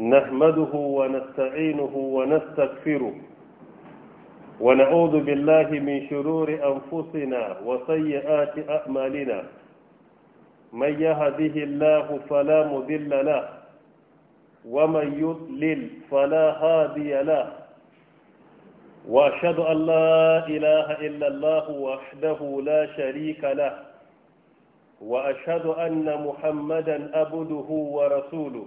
نحمده ونستعينه ونستغفره ونعوذ بالله من شرور أنفسنا وسيئات أعمالنا من يهده الله فلا مذل له ومن يضلل فلا هادي له وأشهد أن لا إله إلا الله وحده لا شريك له وأشهد أن محمدا أبده ورسوله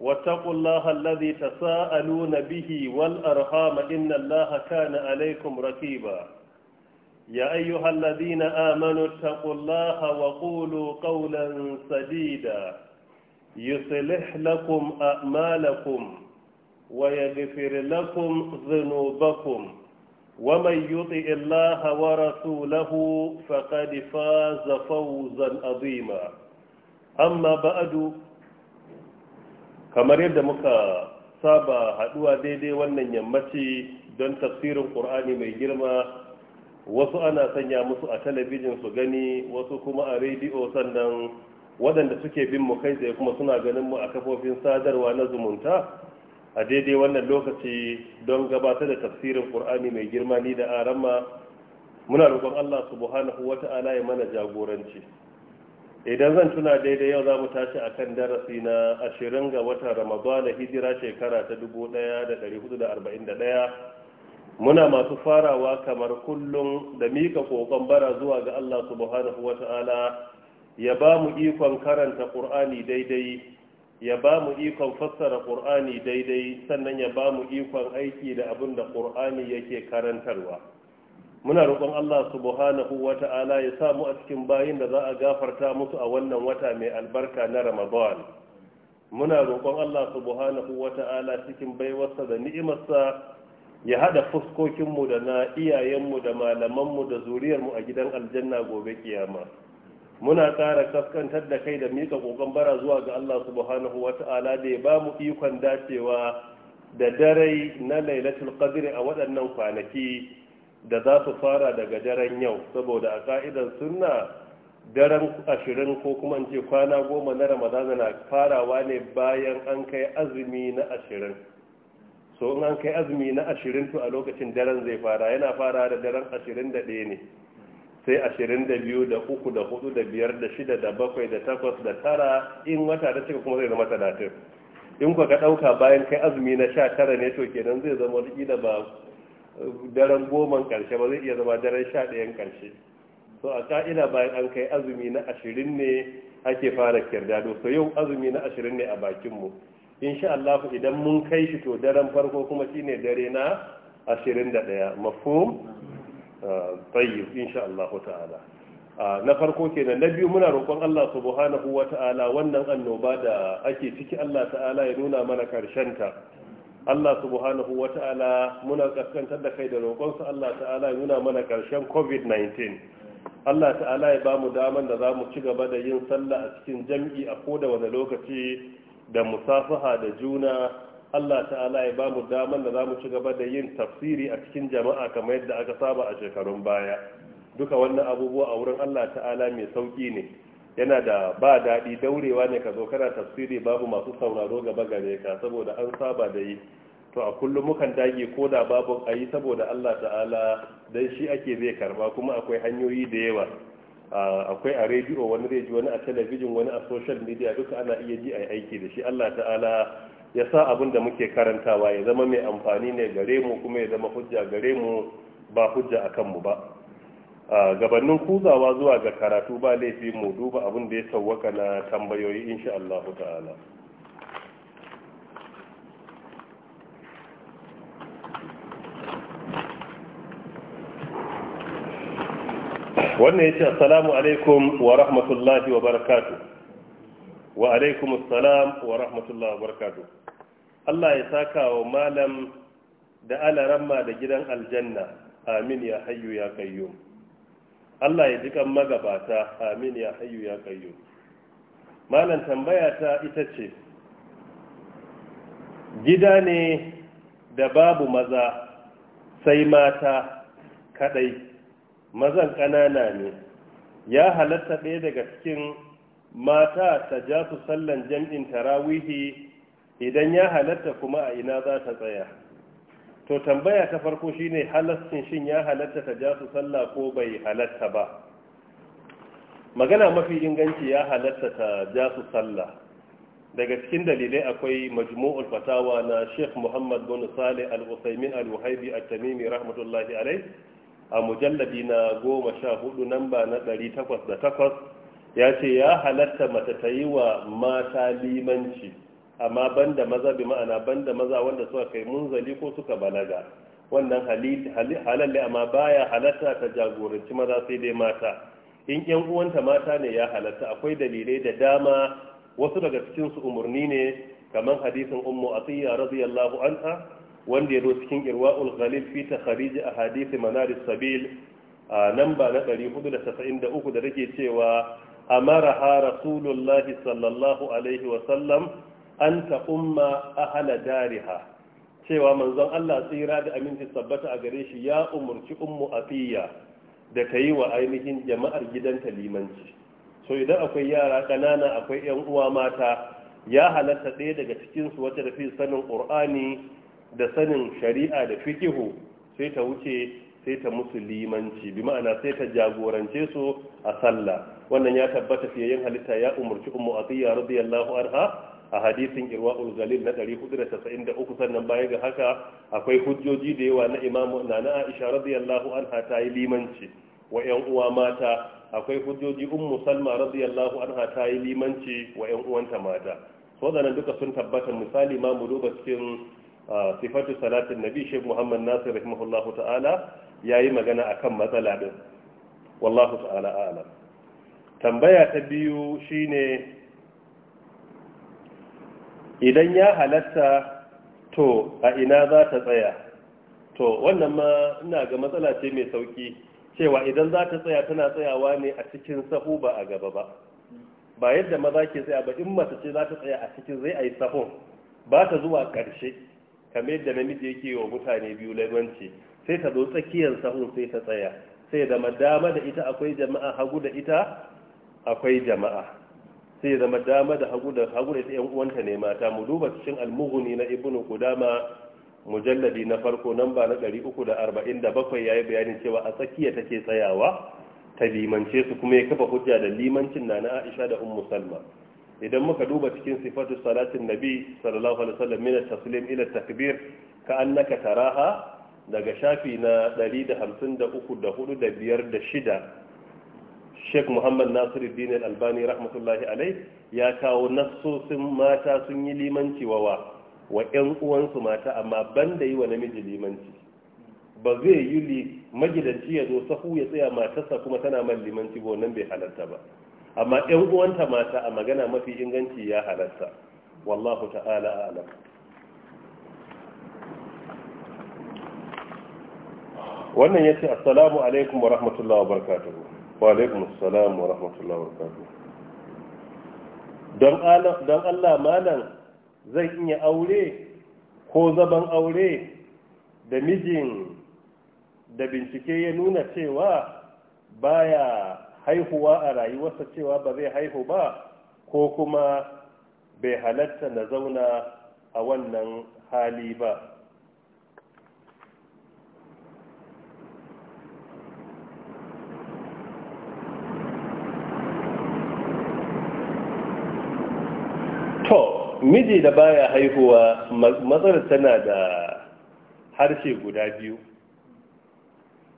واتقوا الله الذي تساءلون به والأرحام إن الله كان عليكم ركيبا يا أيها الذين آمنوا اتقوا الله وقولوا قولا سديدا يصلح لكم أعمالكم ويغفر لكم ذنوبكم ومن يطئ الله ورسوله فقد فاز فوزا عظيما أما بعد kamar yadda muka saba haduwa daidai wannan yammaci don tafsirin ƙur'ani mai girma wasu ana sanya musu a talabijin su gani wasu kuma a rediyo sannan waɗanda suke bin mu kai tsaye kuma suna ganin mu a kafofin sadarwa na zumunta a daidai wannan lokaci don gabatar da tafsirin ƙur'ani mai girma ni da arama muna roƙon allah subhanahu wata'ala ya mana jagoranci idan zan tuna daidai yau za mu tashi a kan darasi na ashirin ga watan ramadana hijira shekara ta 1441 muna masu farawa kamar kullum da mika kokon bara zuwa ga allah subhanahu wa ta'ala ya ba mu ikon karanta ƙur'ani daidai ya ba mu ikon fassara ƙur'ani daidai sannan ya ba mu ikon aiki da abin da ƙur'ani yake karantarwa muna roƙon Allah subhanahu wata'ala ya samu a cikin bayin da za a gafarta musu a wannan wata mai albarka na Ramadan muna roƙon Allah subhanahu wata'ala cikin baiwarsa da ni'imarsa ya hada fuskokinmu da na iyayenmu da malamanmu da zuriyarmu a gidan aljanna gobe kiyama muna ƙara kaskantar da kai da mika kokon bara zuwa ga Allah subhanahu wata'ala da ya ba mu ikon dacewa da darai na lailatul qadr a waɗannan kwanaki da za su fara daga daren yau saboda a ka'idar sunna daren ashirin ko kuma in ce kwana goma na ramadana na farawa ne bayan an kai azumi na ashirin so in an kai azumi na ashirin to a lokacin daren zai fara yana fara da daren ashirin da ɗaya ne sai ashirin da biyu da uku da hudu da biyar da shida da bakwai da takwas da tara in wata da cika kuma zai zama talatin in kuka ɗauka bayan kai azumi na sha tara ne to kenan zai zama wani ba daren goman karshe ba zai iya zama daren sha ɗayan karshe so a ka'ida bayan an kai azumi na ashirin ne ake fara kirdado so yau azumi na ashirin ne a bakinmu insha Allah idan mun kai shi to daren farko kuma shi ne dare na ashirin da ɗaya mafhum ah, tayyib insha Allah ta'ala ah, na farko kenan na biyu muna roƙon Allah subhanahu wa ta'ala wannan annoba da ake ciki Allah ta'ala ya nuna mana karshen ta Allah subhanahu wa ta'ala muna kaskantar da kai da roƙonsa Allah ta'ala nuna mana ƙarshen COVID-19. Allah ta'ala ya ba mu daman da za mu ci gaba da yin sallah a cikin jam'i a koda wani lokaci da musafaha da juna. Allah ta'ala ya ba mu daman da za mu ci gaba da yin tafsiri a cikin jama'a kamar yadda aka saba a shekarun baya. Duka wannan abubuwa a wurin Allah ta'ala mai sauƙi ne. yana da ba daɗi daurewa ne ka zo kana tafsiri babu masu sauraro gaba gare ka saboda an saba da yi to a kullum mukan dage ko da babu a yi saboda allah ta'ala don shi ake zai karba kuma akwai hanyoyi da yawa akwai a rediyo wani rediyo wani a talabijin wani a social media duka ana iya ji a aiki da shi allah ta'ala ya sa abin da muke karantawa ya zama mai amfani ne gare mu kuma ya zama hujja gare mu ba hujja a kanmu ba gabanin kuzawa zuwa ga karatu ba laifi mu duba abin da ya sauwaka na tambayoyi insha Allah ta'ala wannan ya ce assalamu alaikum wa rahmatullahi wa barakatu wa alaikum assalam wa rahmatullahi wa barakatu Allah ya saka wa malam da alaramma da gidan aljanna amin ya hayyu ya kayyum Allah ya ji kan magabata amin ya hayu ya kayyo malam tambaya ta ita ce gida ne da babu maza sai mata kadai mazan ƙanana ne ya halatta ɗaya daga cikin mata ta ja su sallan jam'in tarawihi idan ya halatta kuma a ina za ta tsaya to tambaya ta farko shine halarcin shin ya halatta ta ja sallah ko bai halatta ba magana mafi inganci ya halatta ta ja sallah daga cikin dalilai akwai majmu'ul fatawa na Sheikh Muhammad bin Saleh Al-Utsaimin Al-Wahibi At-Tamimi rahmatullahi alayh a mujalladi na 14 namba na 808 ya ce ya halatta mata ta yi wa mata limanci amma banda maza bi ma'ana banda maza wanda suka kai munzali ko suka balaga wannan halalle amma baya halatta ta jagoranci maza sai dai mata in yan uwanta mata ne ya halatta akwai dalilai da dama wasu daga cikinsu umarni ne kamar hadisin ummu asiya radiyallahu anha wanda ya zo cikin irwaul ghalil fi takhrij ahadith manar sabil a namba na 493 da take cewa amara ha rasulullahi sallallahu alaihi wa sallam an ta umma hana dariha cewa manzon Allah tsira da aminci tabbata a gare shi ya umurci ummu afiya da ta yi wa ainihin jama'ar gidanta limanci so idan akwai yara ƙanana akwai 'yan uwa mata ya halatta ɗaya daga cikinsu wata da fi sanin ƙur'ani da sanin shari'a da fikihu sai ta wuce sai ta musu limanci bi ma'ana sai ta jagorance su a sallah wannan ya tabbata fiye yin halitta ya umarci ummu atiya radiyallahu anha a hadisin irwa'ul galil na 493 sannan baya ga haka akwai hujjoji da yawa na imamu Na aisha radiyallahu anha ta yi limanci wa yan uwa mata akwai hujjoji ummu salma radiyallahu anha ta yi limanci wa yan uwanta mata wadannan duka sun tabbata misali ma mu duba cikin sifatu salatin nabi shek muhammad nasir rahimahullahu ta'ala yayi magana akan matsala din wallahu ta'ala a'lam tambaya ta biyu shine idan ya halatta to a ina za ta tsaya to wannan ma ina ga matsala ce mai sauki cewa idan za ta tsaya tana tsayawa ne a cikin sahu ba a gaba ba ba yadda maza ke tsaya ba in mace ce za ta tsaya a cikin zai a yi sahun ba ta zuwa ƙarshe kamar yadda namiji yake wa mutane biyu laibanci, sai ta zo tsakiyar sahun sai ta tsaya sai da madama da ita akwai jama'a hagu da ita akwai jama'a sai zama dama da hagu da hagu da yan uwanta ne mata mu duba cikin almughni na ibnu qudama mujalladi na farko namba na 347 yayi bayanin cewa a tsakiya take tsayawa ta limance su kuma ya kafa hujja da limancin na na Aisha da Ummu Salma idan muka duba cikin sifatu salatin nabi sallallahu alaihi wasallam min at-taslim ila at-takbir ka annaka taraha daga shafi na 153 da 4 da 5 da 6 sheikh muhammad nasiruddin al-albani rahmatullahi alai ya kawo nassosin mata sun yi limanci wa wa wa ƴan uwansu mata amma banda yi wa namiji limanci ba zai yi magidanci ya zo sahu ya tsaya matarsa kuma tana man limanci ba wannan bai halarta ba amma ƴan uwanta mata a magana mafi inganci ya halarta wallahu ta'ala a'lam wannan yace assalamu alaikum wa rahmatullahi wa barakatuh walaikun salam wa rahmatullahi wa barakatuh don allah malam zai iya aure ko zaban aure da mijin da bincike ya nuna cewa baya haihuwa a rayuwarsa cewa ba zai haihu ba ko kuma bai halatta na zauna a wannan hali ba namiji da baya haihuwa matsalar tana da harshe guda biyu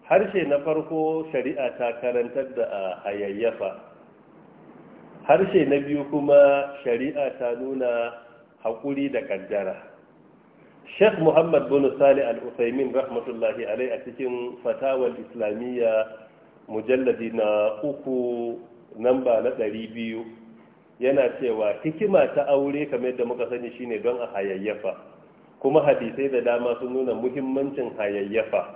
harshe na farko shari'a ta karantar da a hayayyafa harshe na biyu kuma shari'a ta nuna haƙuri da ƙaddara sheikh muhammad bin sali al-usaimin rahmatullahi alai a cikin fatawar islamiyya mujalladi na uku namba na ɗari biyu yana cewa hikima ta aure kamar da muka sani shine don a hayayyafa kuma hadisai da dama sun nuna muhimmancin hayayyafa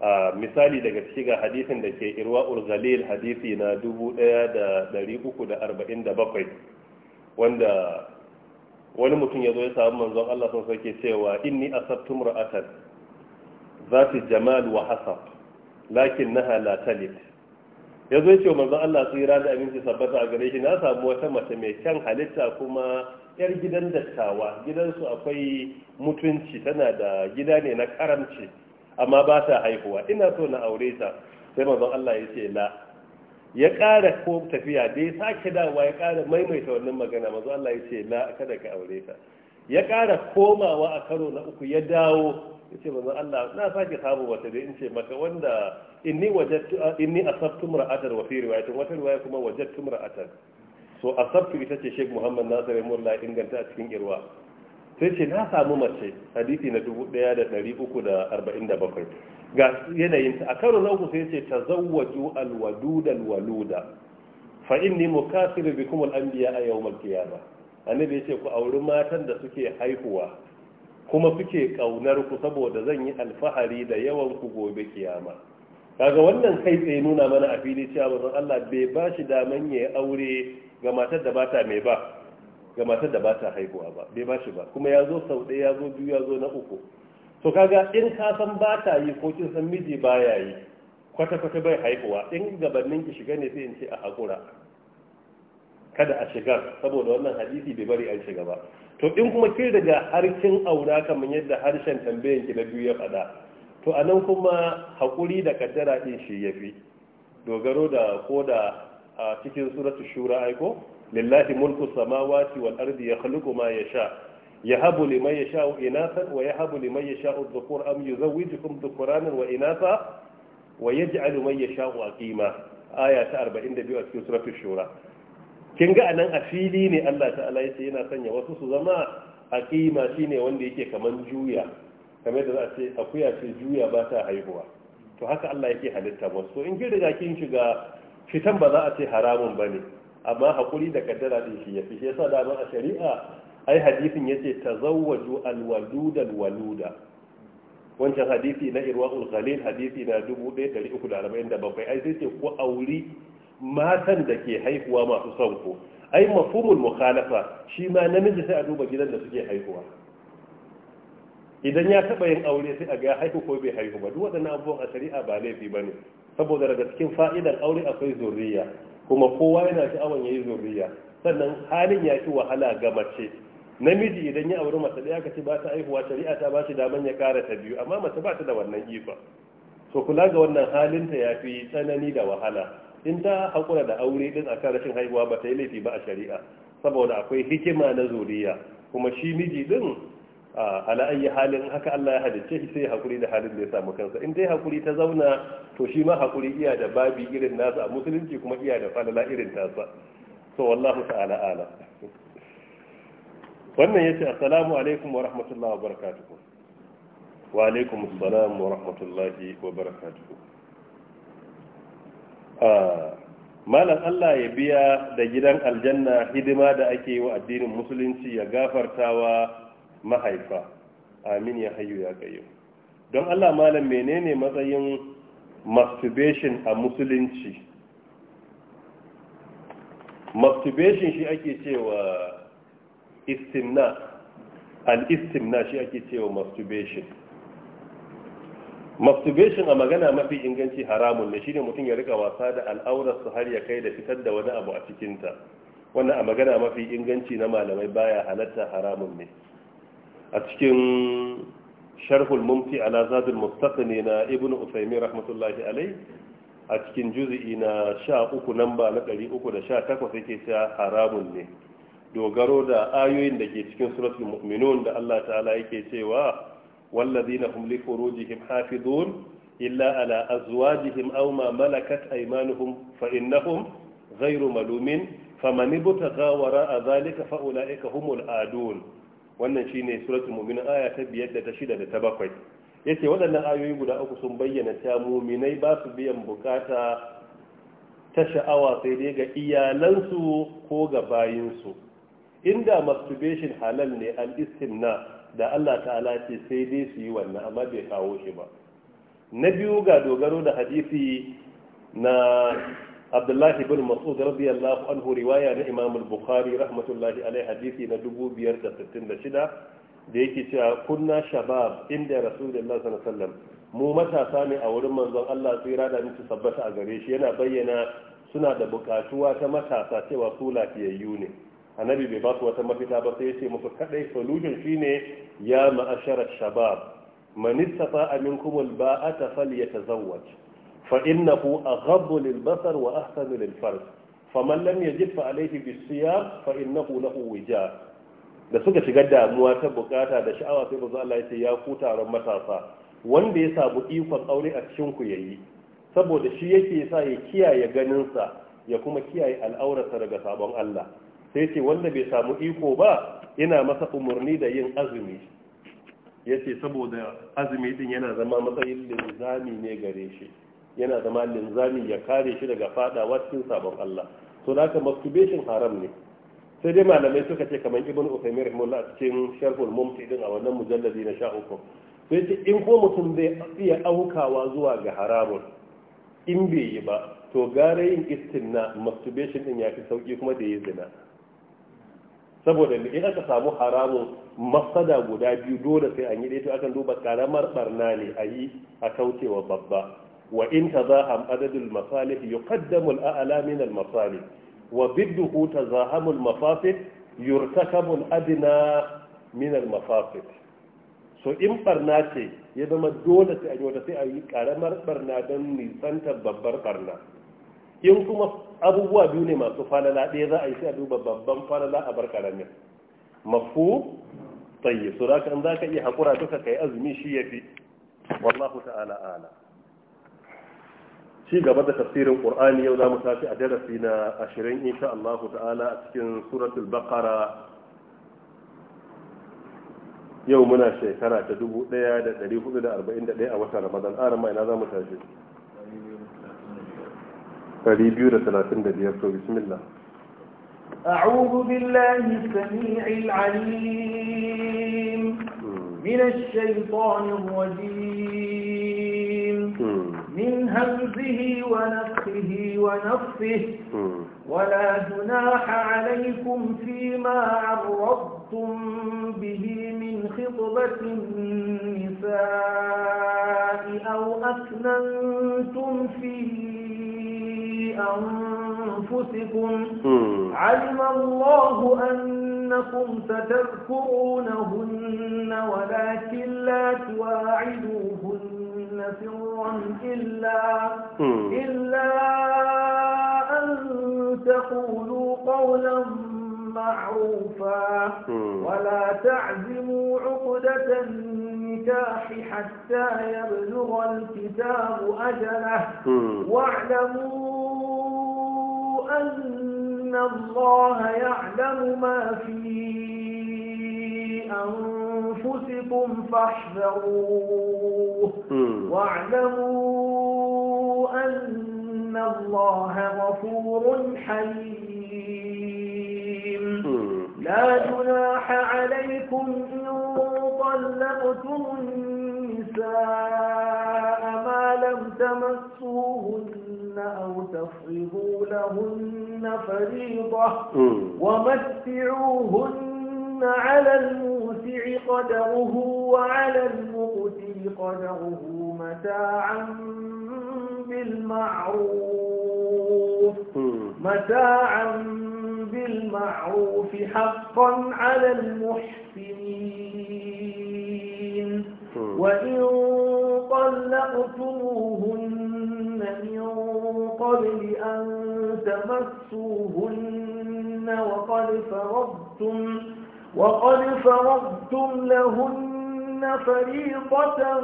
a misali daga ciki ga hadisin da ke irwa urzalil hadisi na 1347 wanda wani mutum ya zo ya samu manzon Allah sun sauke cewa inni asabtu za zati jamal wa hasab lakinnaha la talit ya zo ce manzon Allah tsira da aminci sabbata a gare shi na samu wata mace mai kyan halitta kuma yar gidan dattawa gidansu akwai mutunci tana da gida ne na karamci amma ba ta haihuwa ina so na aure ta sai manzon Allah ya ce la ya ƙara ko tafiya da ya sake dawa ya ƙara maimaita wannan magana manzon Allah ya ce la kada ka aure ta ya ƙara komawa a karo na uku ya dawo yace manzon Allah na sake samu wata dai in ce maka wanda inni wajattu inni asabtu mar'atan wa fi riwayatin wata riwaya kuma wajattu mar'atan so asabtu ita ce Sheikh Muhammad Nasir Mulla inganta a cikin irwa sai ce na samu mace hadisi na 1347 ga yanayin ta a karo na uku sai ce tazawwaju alwaduda alwaluda fa inni mukasiru bikum alanbiya a yawm alqiyamah annabi yace ku auri matan da suke haihuwa kuma suke kaunar ku saboda zan yi alfahari da yawan ku gobe kiyama kaga wannan kai tsaye nuna mana a fili cewa bazan Allah bai ba shi daman ya aure ga matar da bata mai ba ga matar da bata haihuwa ba bai ba shi ba kuma ya zo sau ɗaya ya zo biyu ya zo na uku to kaga in ka san bata yi ko kin san miji baya yi kwata kwata bai haihuwa in gabanin ki shiga ne sai in ce a hakura kada a shiga saboda wannan hadisi bai bari an shiga ba to in kuma ke daga harshen aura kamar yadda harshen tambayan ki na biyu ya faɗa to a nan kuma haƙuri da kaddara ɗin shi ya fi dogaro da ko da a cikin suratu shura aiko lillahi mulku samawati wal ardi yakhluqu ma yasha yahabu liman yasha'u inathan wa yahabu liman yasha'u dhukur am yuzawwijukum dhukuranan wa inatha wa yaj'alu man yasha'u aqima aya ta 42 a cikin suratu shura kin ga anan a fili ne Allah ta'ala yace yana sanya wasu su zama aqima shine wanda yake kaman juya kamar da za a ce akuya ce juya ba ta haihuwa to haka Allah yake halitta wasu in kin riga kin shiga fitan ba za a ce haramun bane amma hakuri da kaddara din shi yafi shi yasa da a shari'a ai hadisin yace tazawwaju alwaluda alwaluda wancan hadisi na irwaul ghalil hadisi na 1347 ai sai ce ku auri matan da ke haihuwa masu son ku ai mafhumul mukhalafa shi ma namiji sai a duba gidan da suke haihuwa idan ya taba yin aure sai a ga haihu ko bai haihu ba duk waɗannan abubuwan a shari'a ba laifi bane saboda daga cikin fa'idar aure akwai zuriya kuma kowa yana sha'awan yayi zuriya sannan halin ya ci wahala ga mace namiji idan ya auri mace ɗaya ka ce ba ta haihuwa shari'a ta ba shi daman ya kara ta biyu amma mace ba ta da wannan ifa so kula ga wannan halinta ya fi tsanani da wahala in ta haƙura da aure din a rashin haihuwa ba ta yi laifi ba a shari'a saboda akwai hikima na zuriya kuma shi miji din a ala'ayi halin haka Allah ya halicce shi sai ya haƙuri da halin da ya samu kansa in dai haƙuri ta zauna to shi ma haƙuri iya da babi irin nasa a musulunci kuma iya da falala irin tasa to wallahu ta'ala ala wannan yace assalamu alaikum wa rahmatullahi wa barakatuh wa alaikum assalam wa rahmatullahi wa barakatuh Ah, malam Allah ya biya da gidan aljanna hidima da ake yi wa addinin musulunci ya gafartawa mahaifa amin ya hayu ya gayo don Allah malam menene matsayin masturbation a musulunci masturbation shi ake cewa istimna al-istimna shi ake cewa masturbation masturbation a magana mafi inganci haramun ne shine mutum ya rika wasa da al'aurar su har ya kai da fitar da wani abu a cikinta wannan a magana mafi inganci na malamai baya halatta haramun ne a cikin sharhul mumti ala zadul mustaqni na ibn usaymin rahmatullahi alai a cikin juz'i na 13 namba na 318 yake cewa haramun ne dogaro da ayoyin da ke cikin suratul mu'minun da Allah ta'ala yake cewa والذين هم لفروجهم حافظون إلا على أزواجهم أو ما ملكت أيمانهم فإنهم غير ملومين فمن ابتغى وراء ذلك فأولئك هم العادون wannan shine suratul mu'minun aya ta biyar da ta shida da ta bakwai yace waɗannan ayoyi guda uku sun bayyana ta mu'minai ba su biyan bukata ta sha'awa sai dai ga iyalansu ko ga bayinsu inda masturbation halal ne al-istimna da Allah ta'ala ce sai dai su yi wannan amma bai kawo shi ba na biyu ga dogaro da hadisi na abdullahi bin mas'ud radiyallahu anhu riwaya na imam al-bukhari rahmatullahi alaihi hadisi na 2566 da yake cewa kunna shabab inda rasulullahi sallallahu alaihi wasallam mu matasa ne a wurin manzon Allah tsira da mutu sabbata a gare shi yana bayyana suna da bukatuwa ta matasa cewa su lafiyayyu ne annabi bai ba su wata mafita ba sai ya ce musu kadai solution shine ya ma'ashara shabab man istata minkum alba'ata falyatazawwaj fa innahu aghabbu lilbasar wa ahsanu lilfarj faman lam yajid fa alayhi bisiyam fa innahu lahu wija da suka shiga damuwa ta bukata da sha'awa sai bazu Allah ya ce ya ku taron matasa wanda ya samu ikon aure a cikin ku yayi saboda shi yake sa ya kiyaye ganinsa ya kuma kiyaye al'aurarsa daga sabon Allah sai ce wanda bai samu iko ba ina masa umarni da yin azumi yace saboda azumi din yana zama matsayin linzami ne gare shi yana zama linzami ya kare shi daga fadawa cikin sabon Allah to da haka masturbation haram ne sai dai malamai suka ce kamar ibn usaimin rahimahullah cikin sharhul mumti din a wannan mujalladi na sha uku sai ce in ko mutum zai iya aukawa zuwa ga haramun in bai yi ba to gare yin istinna masturbation din ya fi sauki kuma da yi zina saboda in aka samu haramun masada guda biyu dole sai an yi dai akan duba karamar barna ne a yi a kaucewa babba wa in tazaham adadul masalih yuqaddamu al-a'la min al-masalih wa bidduhu tazahamu al-mafasid yurtakabu al adina min al-mafasid so in barna ce ya zama dole sai an yi wata sai a yi karamar barna don nisantar babbar barna in kuma abubuwa biyu ne masu falala ɗaya za a yi sai a duba babban falala a bar karamin mafu tsaye su raka in za ka iya haƙura duka ka yi azumi shi ya fi wallahu ta'ala ala shi gaba da tafsirin ƙur'ani yau za mu tafi a darasi na ashirin insha Allah ta'ala a cikin suratul bakara yau muna shekara ta dubu da da da hudu arba'in ɗaya a watan ramadan ma ina za mu tafi. بسم الله أعوذ بالله السميع العليم من الشيطان الرجيم من همزه ونفخه ونفخه ولا جناح عليكم فيما عرضتم به من خطبة النساء أو أكننتم فيه أنفسكم علم الله أنكم ستذكرونهن ولكن لا تواعدوهن سرا إلا, إلا أن تقولوا قولا معروفا ولا تعزموا عقدة النكاح حتى يبلغ الكتاب أجله واعلموا أن الله يعلم ما في أنفسكم فاحذروه واعلموا أن الله غفور حليم لا جناح عليكم إن طلقتم النساء ما لم تمسوهن أو تفرضوا لهن فريضة ومتعوهن على الموسع قدره وعلى المقتل قدره متاعا بالمعروف متاعا بالمعروف حقا على المحسنين وإن طلقتموهن من قبل أن تمسوهن وقد فرضتم, وقد فرضتم لهن فريضة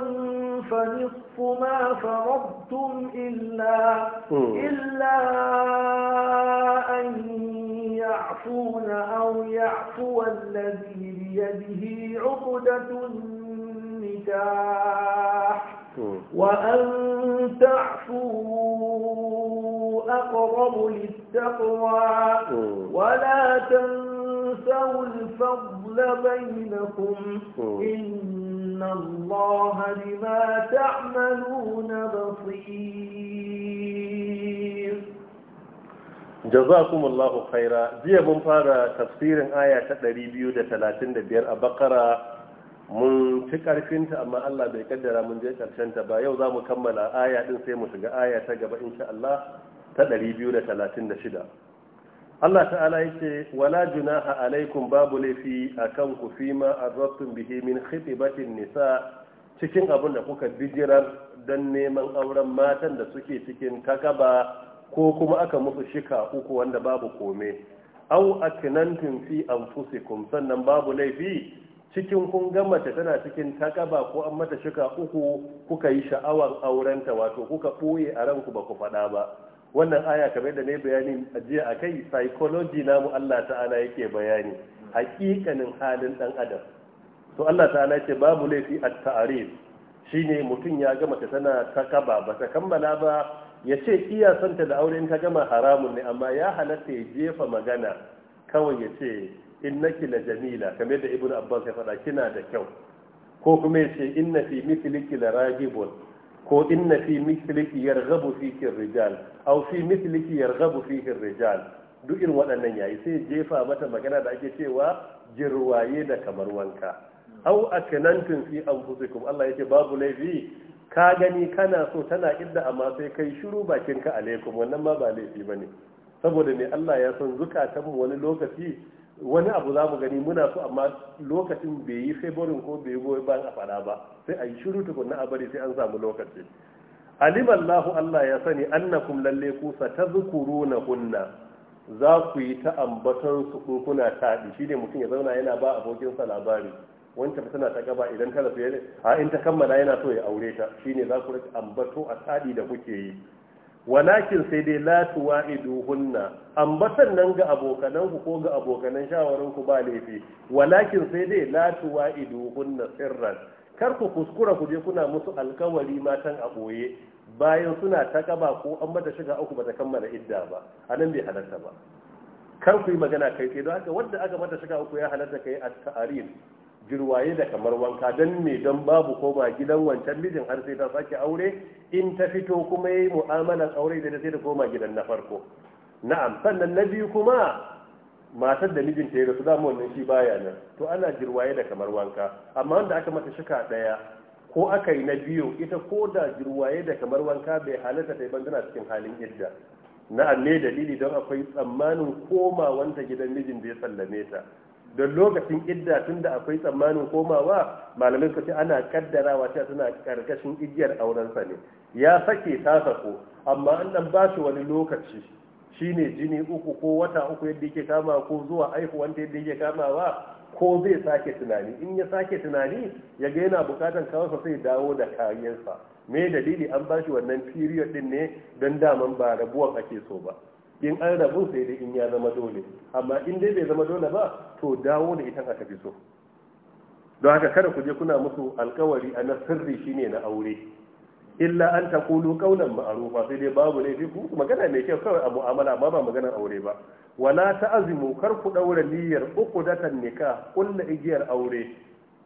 فنصف ما فرضتم إلا, إلا أن يعفون أو يعفو الذي بيده عقدة النكاح وأن تعفوا أقرب للتقوى ولا تنسوا الفضل بينكم إن الله بما تعملون بصير jazakumullahu khaira jiya mun fara tafsirin aya ta 235 a bakara mun fi karfinta amma Allah bai kaddara mun je ta ba yau za mu kammala aya din sai mu shiga aya ta gaba insha Allah ta 236 Allah ta'ala yake wala junaha alaikum babu laifi akan ku fi ma arrabtum bihi min khitibatin nisa cikin abin da kuka bijirar dan neman auren matan da suke cikin kakaba ko kuma aka musu shika uku wanda babu kome au aknantum fi anfusikum sannan babu laifi cikin kun ga mace tana cikin takaba ko an mata shika uku kuka yi sha'awar aurenta wato kuka ɓoye a ranku ba ku faɗa ba wannan aya kamar da ne bayanin jiya a kai psychology namu Allah ta'ala yake bayani hakikanin halin ɗan adam to Allah ta'ala ce babu laifi a ta'arif shine mutum ya ga mace tana takaba ba ta kammala ba ya ce iya santa da auren ta gama haramun ne amma ya halatta ya jefa magana kawai ya ce innaki la jamila kamar da ibnu abbas ya faɗa kina da kyau ko kuma ya ce inna fi mithliki la ragibun ko inna fi mithliki yarghabu fihi rijal aw fi mithliki yarghabu fihi rijal duk irin waɗannan yayi sai jefa mata magana da ake cewa jirwaye da kamar wanka aw akanantum fi anfusikum Allah yake babu laifi ka gani kana so tana idda amma sai kai shiru bakinka alaikum wannan ma ba laifi bane saboda me Allah ya san zukatanmu wani lokaci wani abu za mu gani muna so amma lokacin bai yi favorin ko bai goyi ba a fada ba sai a yi shiru tukunna a bari sai an samu lokaci alimallahu Allah ya sani annakum lalle ku na hunna za ku yi ta ambaton su kuna taɗi shine mutum ya zauna yana ba abokinsa labari labari wanda tana ta gaba idan ta rasu a in ta kammala yana so ya aure ta shine za ku rika ambato a taɗi da kuke yi walakin sai dai la an ba nan ga abokanan ko ga abokanan shawaran ba laifi walakin sai dai la hunna sirran kar ku kuskura ku je kuna musu alkawari matan a boye bayan suna ta kaba ko an mata shiga uku bata kammala idda ba anan bai halarta ba kar ku yi magana kai sai don haka wanda aka mata shiga uku ya halarta kai a taarin girwaye da kamar wanka don me don babu koma gidan wancan mijin har sai ta sake aure in ta fito kuma yi mu'amalar aure da sai da koma gidan na farko na'am sannan na biyu kuma matar da mijin mijinta ya rasu damu wannan shi baya nan to ana girwaye da kamar wanka amma wanda aka mata shika daya ko aka yi na biyu ita ko da girwaye da kamar wanka bai halatta ta yi bandana cikin halin idda na'am ne dalili don akwai tsammanin koma wanda gidan mijin da ya sallame ta don lokacin idda tun da akwai tsammanin komawa malamai ka ce ana kaddarawa cewa suna karkashin igiyar aurensa ne ya sake tasa ko, amma an dan ba shi wani lokaci shine jini uku ko wata uku yadda yake kama ko zuwa wanda yadda yake kamawa ko zai sake tunani in ya sake tunani ya ga yana bukatan kawansa sai dawo da kayansa me dalili an ba shi wannan period din ne don daman ba rabuwan ake so ba in an rabu sai dai in ya zama dole amma in dai bai zama dole ba to dawo da ita aka fi so don haka kada ku je kuna musu alkawari a na sirri shine na aure illa an kulu kaunan ma'arufa sai dai babu laifi ku magana mai kyau kawai a mu'amala amma ba maganar aure ba wala ta azumi kar ku daura niyyar uku datan nikah kullu igiyar aure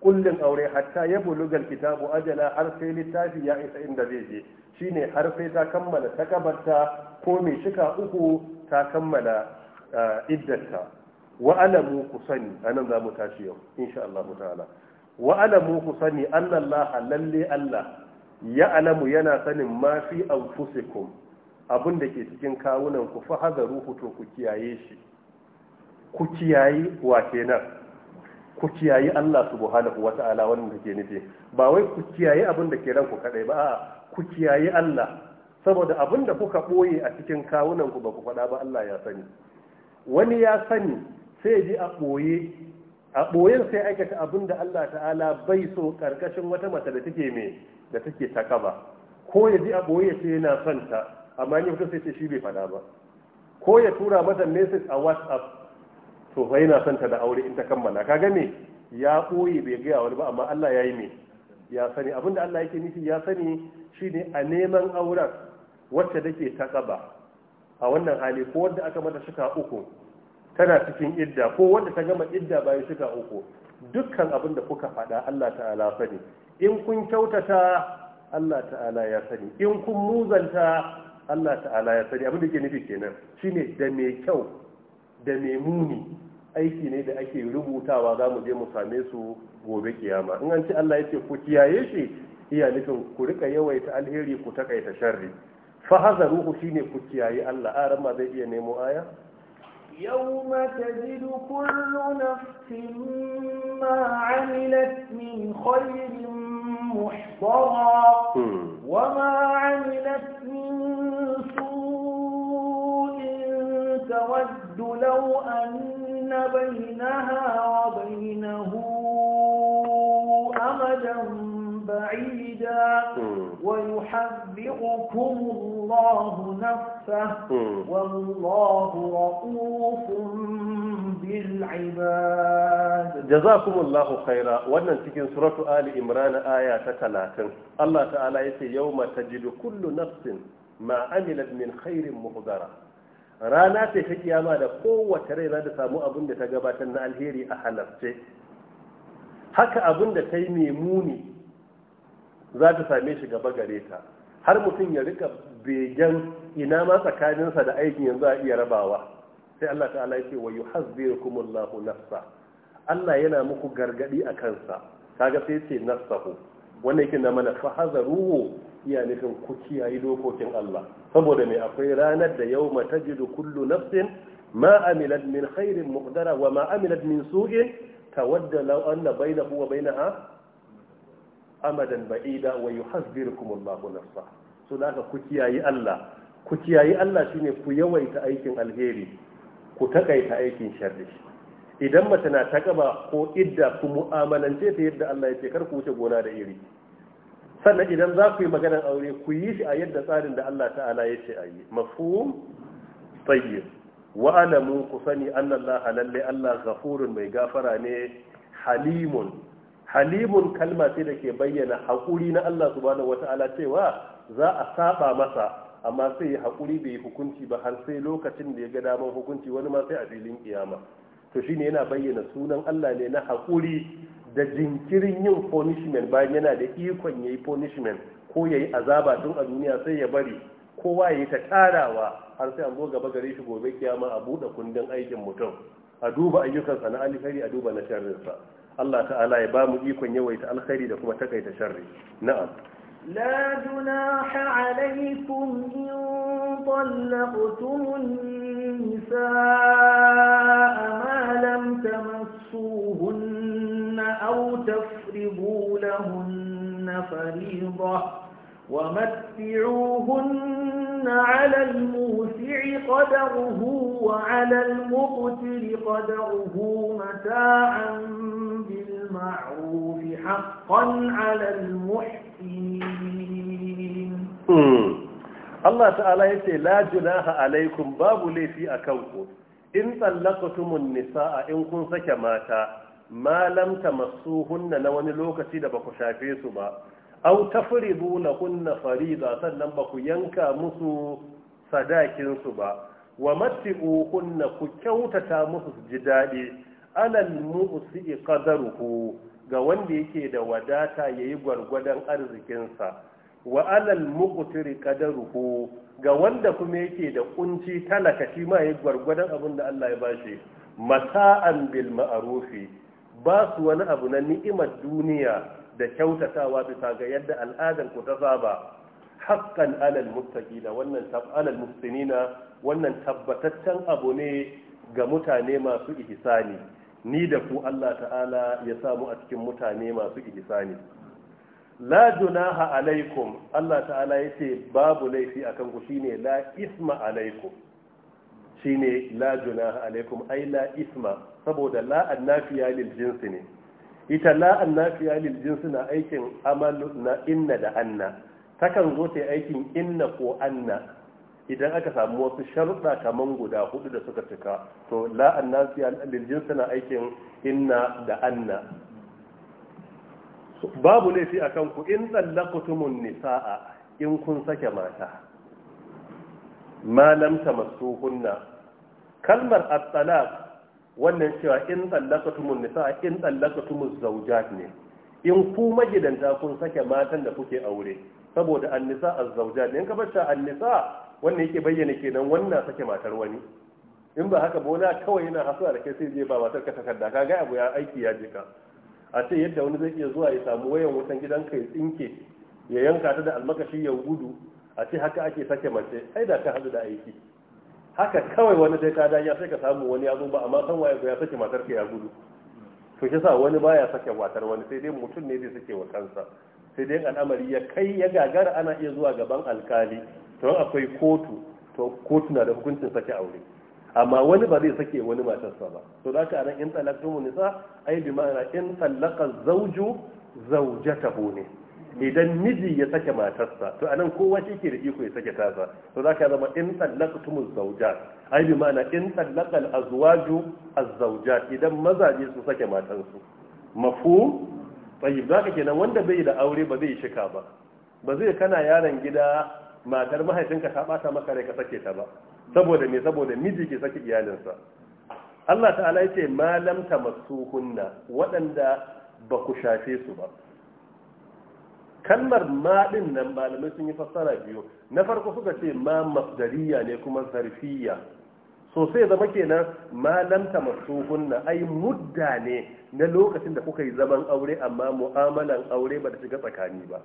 kullin aure hatta ya bulugal kitabu ajala har sai littafi ya isa inda zai je shine har sai ta kammala takabarta ko mai shika uku ta kammala eh, iddarta wa alamu ku sani anan za mu tashi yau insha Allah ta'ala wa alamu ku sani annallaha lalle Allah ya alamu yana sanin ma fi anfusikum abin da ke cikin kawunan ku fa ku to ku kiyaye shi ku kiyayi wa kenan ku kiyayi Allah subhanahu wata'ala wannan da ke nufi ba wai ku kiyayi abin da ke ku kadai ba a ku kiyayi Allah saboda abin da kuka boye a cikin kawunan ku ba ku faɗa ba Allah ya sani wani ya sani sai ji a boye a boyen sai aikata abin da Allah ta'ala bai so karkashin wata mata da take me da take ba ko ya ji a boye sai yana son ta amma ni mutum sai ce shi bai faɗa ba ko ya tura mata message a WhatsApp to fa yana son ta da aure in ta kammala ka gane ya koyi bai ga wani ba amma Allah ya yi me ya sani abinda Allah yake nufi ya sani shine a neman auren wacce take ta kaba a wannan hali ko wanda aka mata shika uku tana cikin idda ko wanda ta gama idda bayan shika uku dukkan abin da kuka faɗa Allah ta'ala sani in kun kyautata Allah ta'ala ya sani in kun muzanta Allah ta'ala ya sani abin da ke nufi kenan shine da mai kyau da mai muni aiki ne da ake rubutawa za mu je mu same su gobe kiyama in an ci Allah ya ku kiyaye shi iya nufin ku rika yawaita alheri ku takaita sharri fa hazaruhu shine ku kiyaye Allah aran ma zai iya nemo aya يوم تجد كل نفس ما عملت من خير محضرا وما عملت من سوء تود لو أن إن بينها وبينه أمدا بعيدا ويحذركم الله نفسه والله رؤوف بالعباد جزاكم الله خيرا wannan cikin suratu ali imran aya ta 30 Allah ta'ala yace yawma tajidu kullu nafsin ma amilat min khairin muhdara rana ce ta kiyama da kowace rai za ta samu abin da ta gabatar na alheri a halarce haka abin da ta yi memuni za ta same shi gaba gare ta har mutum ya rika begen ina ma tsakaninsa da aikin yanzu a iya rabawa sai Allah ta'ala yake wa yuhazzirukumullahu nafsa Allah yana muku gargadi a kansa kaga sai ce ku wannan yake na mana fa hazaruhu iya nufin ku kiyaye dokokin Allah saboda mai akwai ranar da yau mata jidu kullu nafsin ma amilat min khairin muqdara wa ma amilat min su'in tawadda law anna bainahu wa bainaha amadan ba'ida wa yuhazzirukum Allahu nafsa so da ku kiyayi Allah ku kiyayi Allah shine ku yawaita aikin alheri ku takaita aikin sharri idan mace na ta ko idda ku mu'amalance ta yadda Allah ya ce kar ku wuce gona da iri sannan idan za ku yi maganar aure ku yi shi a yadda tsarin da Allah ta'ala ya ce a yi mafhum tayyib wa alamu ku sani laha lalle Allah zafurin mai gafara ne halimun halimun kalma ce da ke bayyana haƙuri na Allah su wata wata'ala cewa za a saba masa amma sai ya haƙuri bai hukunci ba har sai lokacin da ya ga damar hukunci wani ma sai a filin kiyama to shine yana bayyana sunan Allah ne na haƙuri da jinkirin yin punishment bayan yana da ikon ya yi punishment ko ya yi azaba tun a duniya sai ya bari kowa ya yi ta tarawa har sai an zo gaba gare shi gobe kiyama a buɗe kundin aikin mutum a duba ayyukansa na alkhairi a duba na sharrinsa Allah ta'ala ya ba mu ikon yawaita alkhairi da kuma takaita sharri na'am لا جناح عليكم إن طلقتم النساء ما لم تمسوهن أو تفرضوا لهن فريضة ومتعوهن على الموسع قدره وعلى المقتل قدره متاعا بالمعروف حقا على المحسنين الله تعالى يقول لا جناح عليكم باب لي في أكوكم إن طلقتم النساء إن كنت كماتا Malamta masu hunna na wani lokaci da baku shafe su ba aw tafridu hunna fariza sannan baku yanka musu sadakinsu ba wa matti'uhunna ku kyautata musu su ji dadi alal mu'si qadaruhu ga wanda yake da wadata yayi gwargwadon arzikinsa wa alal muqtiri qadaruhu ga wanda kuma yake da kunci talaka shi ma yi gwargwadon abin da Allah ya bashi mata'an bil ma'rufi ba su wani abu na ni'imar duniya da kyautatawa bisa ga yadda al'adar ku ta saba haƙƙan alal da wannan alal wannan tabbataccen abu ne ga mutane masu ihsani ni da ku Allah ta'ala ya samu a cikin mutane masu ihsani la junaha alaikum Allah ta'ala yace babu laifi a kanku shine la isma alaikum shine la junaha alaikum ai la isma saboda la annafiya lil jinsi ne ita la annafiya lil jinsi na aikin amalu na inna da anna takan zo ta aikin inna ko anna idan aka samu wasu sharuɗa kaman guda hudu da suka cika to la annafiya lil jinsi na aikin inna da anna babu laifi akan ku in tsallakutumun nisaa in kun sake mata malamta masu tamassuhunna kalmar at-talaq wannan cewa in tsallaka tumun nisa in tsallaka tumun zauja ne in ku magidanta kun sake matan da kuke aure saboda annisa azzawjat ne in ka bata annisa wannan yake bayyana kenan wannan sake matar wani in ba haka bola kawai yana hasuwa da kai sai zai ba matar ka takarda ka ga abu ya aiki ya jika a ce yadda wani zai iya zuwa ya samu wayan wutan gidan kai tsinke ya yanka ta da almakashi ya gudu a ce haka ake sake mace ai da ka hadu da aiki haka kawai wani dai kada ya sai ka samu wani ya zo ba amma san waye ya sake matar ka ya gudu to shi sa wani baya sake watar wani sai dai mutum ne zai sake wa kansa sai dai al'amari ya kai ya gagara ana iya zuwa gaban alkali to akwai kotu to kotu na da hukuncin sake aure amma wani ba zai sake wani matarsa ba to da ka ran in talaqtu nisa ai bi ma'ana in talaqa zawju zawjatahu ne idan miji ya sake matarsa to anan kowa shi ke da iko ya sake tasa to za ka zama in tsallaktumuz zawjat ai bi ma'ana in tsallakal azwaju az idan mazaje su sake matansu mafhum tayyib zaka kenan wanda bai da aure ba zai shika ba ba zai kana yaron gida matar mahaifinka ta bata maka rai ka sake ta ba saboda me saboda miji ke sake iyalinsa Allah ta'ala yace malam tamassuhunna waɗanda ba ku shafe su ba kalmar ma din nan malamai sun yi fassara biyu na farko suka ce ma mafdariya ne kuma zarfiya Sosai zama kenan ma lam tamassuhunna ai mudda ne na lokacin da kuka yi zaman aure amma mu'amalan aure ba ta shiga tsakani ba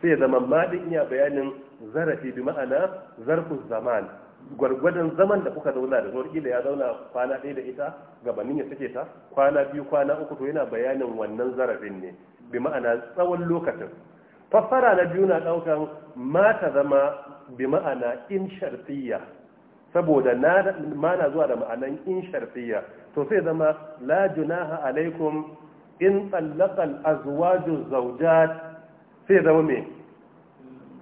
sai zama ma din iya bayanin zarafi bi ma'ana zarfin zaman gwargwadon zaman da kuka zauna da zuwa. Kila ya zauna kwana ɗaya da ita gabanin ya suke ta kwana biyu kwana uku to yana bayanin wannan zarafin ne bi ma'ana tsawon lokacin fassara na biyu na ɗaukan mata zama bi ma'ana in sharfiya saboda mana zuwa da ma'anan in sharfiya to sai zama la junaha alaikum in tsallakal azwaju zaujat sai zama mai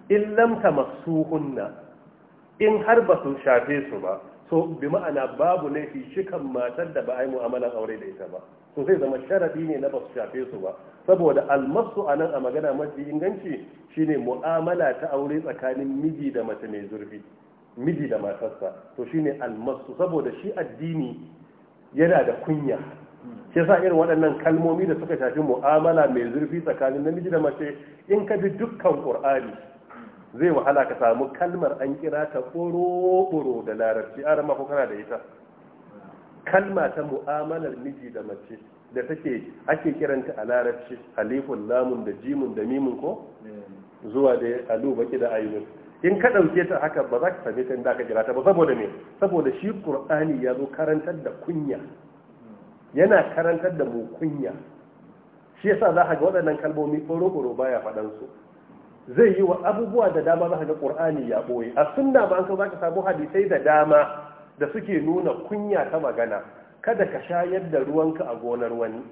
in lamta maksuhunna in har ba su shafe su ba so bi ma'ana babu laifi shikan matar da ba a yi mu'amalar aure da ita ba so sai zama sharafi ne na ba su shafe su ba saboda almasu a nan a magana mafi inganci shine mu'amala ta aure tsakanin miji da mace mai zurfi miji da matarsa to shine almasu saboda shi addini yana da kunya shi sa irin waɗannan kalmomi da suka shafi mu'amala mai zurfi tsakanin namiji da mace in ka bi dukkan qur'ani zai wahala ka samu kalmar an kira ta ƙoro-ƙoro da larabci a rama kana da ita kalma ta mu'amalar miji da mace da take ake kiranta a larabci alifun lamun da jimun da mimun ko mm. zuwa da alu baki da ayyun in ka ɗauke ta haka ba za ka same ta inda ka jira ta ba saboda me saboda shi qur'ani ya zo karantar da kunya mm. yana karantar da mu kunya shi yasa za ka ga waɗannan kalmomi koro koro baya faɗan su zai yi wa abubuwa da dama za ka ga ƙur'ani ya boye a sunna ba an ka za ka samu hadisai da dama da suke nuna kunya ta magana kada ka shayar da ruwanka a gonar wani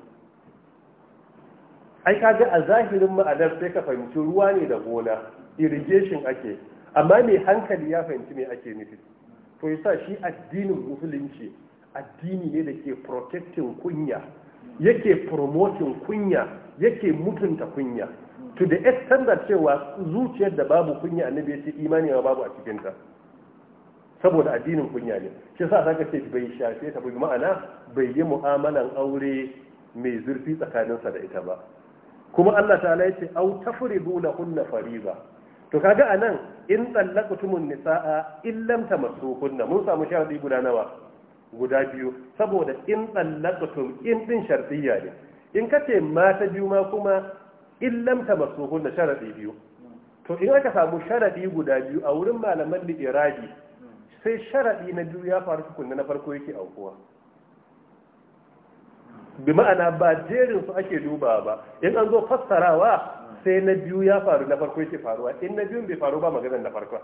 ai kaga a zahirin ma'anar sai ka fahimci ruwa ne da gona irrigation ake amma mai hankali ya fahimci mai ake nufi to yasa shi addinin musulunci addini ne da ke protecting kunya yake promoting kunya yake mutunta kunya to the extent that cewa zuciyar da babu kunya annabi ya ce imani ma babu a cikinta saboda addinin kunya ne shi yasa zaka ce bai shafe ta bi ma'ana bai yi mu'amalan aure mai zurfi tsakaninsa da ita ba kuma Allah ta'ala ya ce au tafridu lahunna fariba to kaga anan in tumun nisaa in lam tamassuhunna mun samu sharadi guda nawa guda biyu saboda in tsallaqtum in din shartiyya ne in kace mata biyu ma kuma in lam tamassuhunna sharadi biyu to in aka samu sharadi guda biyu a wurin malaman li'irabi sai sharaɗi na biyu ya faru tukunna na farko yake aukuwa bi ma'ana ba jerin su ake duba ba in an zo fassarawa sai na biyu ya faru na farko yake faruwa in na biyun bai faru ba maganar na farko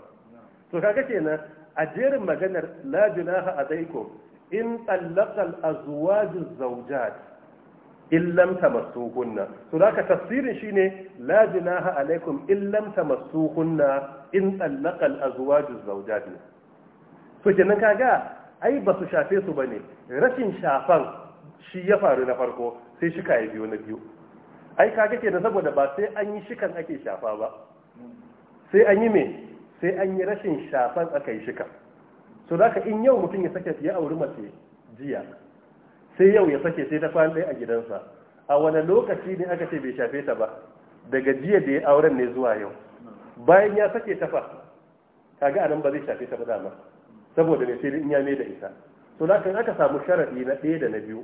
to kaga kenan a jerin maganar la junaha alaikum in tallaqal azwaju zawjat in lam tamassuhunna to zaka tafsirin shine la junaha alaikum in lam tamassuhunna in tallaqal azwaju zawjat to kenan kaga ai ba su shafe su ba bane rashin shafan shi ya faru na farko sai shika ya biyo na biyu ai kaga kenan saboda ba sai an yi shikan ake shafa ba sai an yi me sai an yi rashin shafan aka yi shika so da in yau mutum ya sake ya auri mace jiya sai yau ya sake sai ta kwana ɗaya a gidansa a wani lokaci ne aka ce bai shafe ta ba daga jiya da ya auren ne zuwa yau bayan ya sake ta fa kaga anan ba zai shafe ta ba dama saboda ne sai in ya mai da ita to da kan aka samu sharadi na ɗaya da na biyu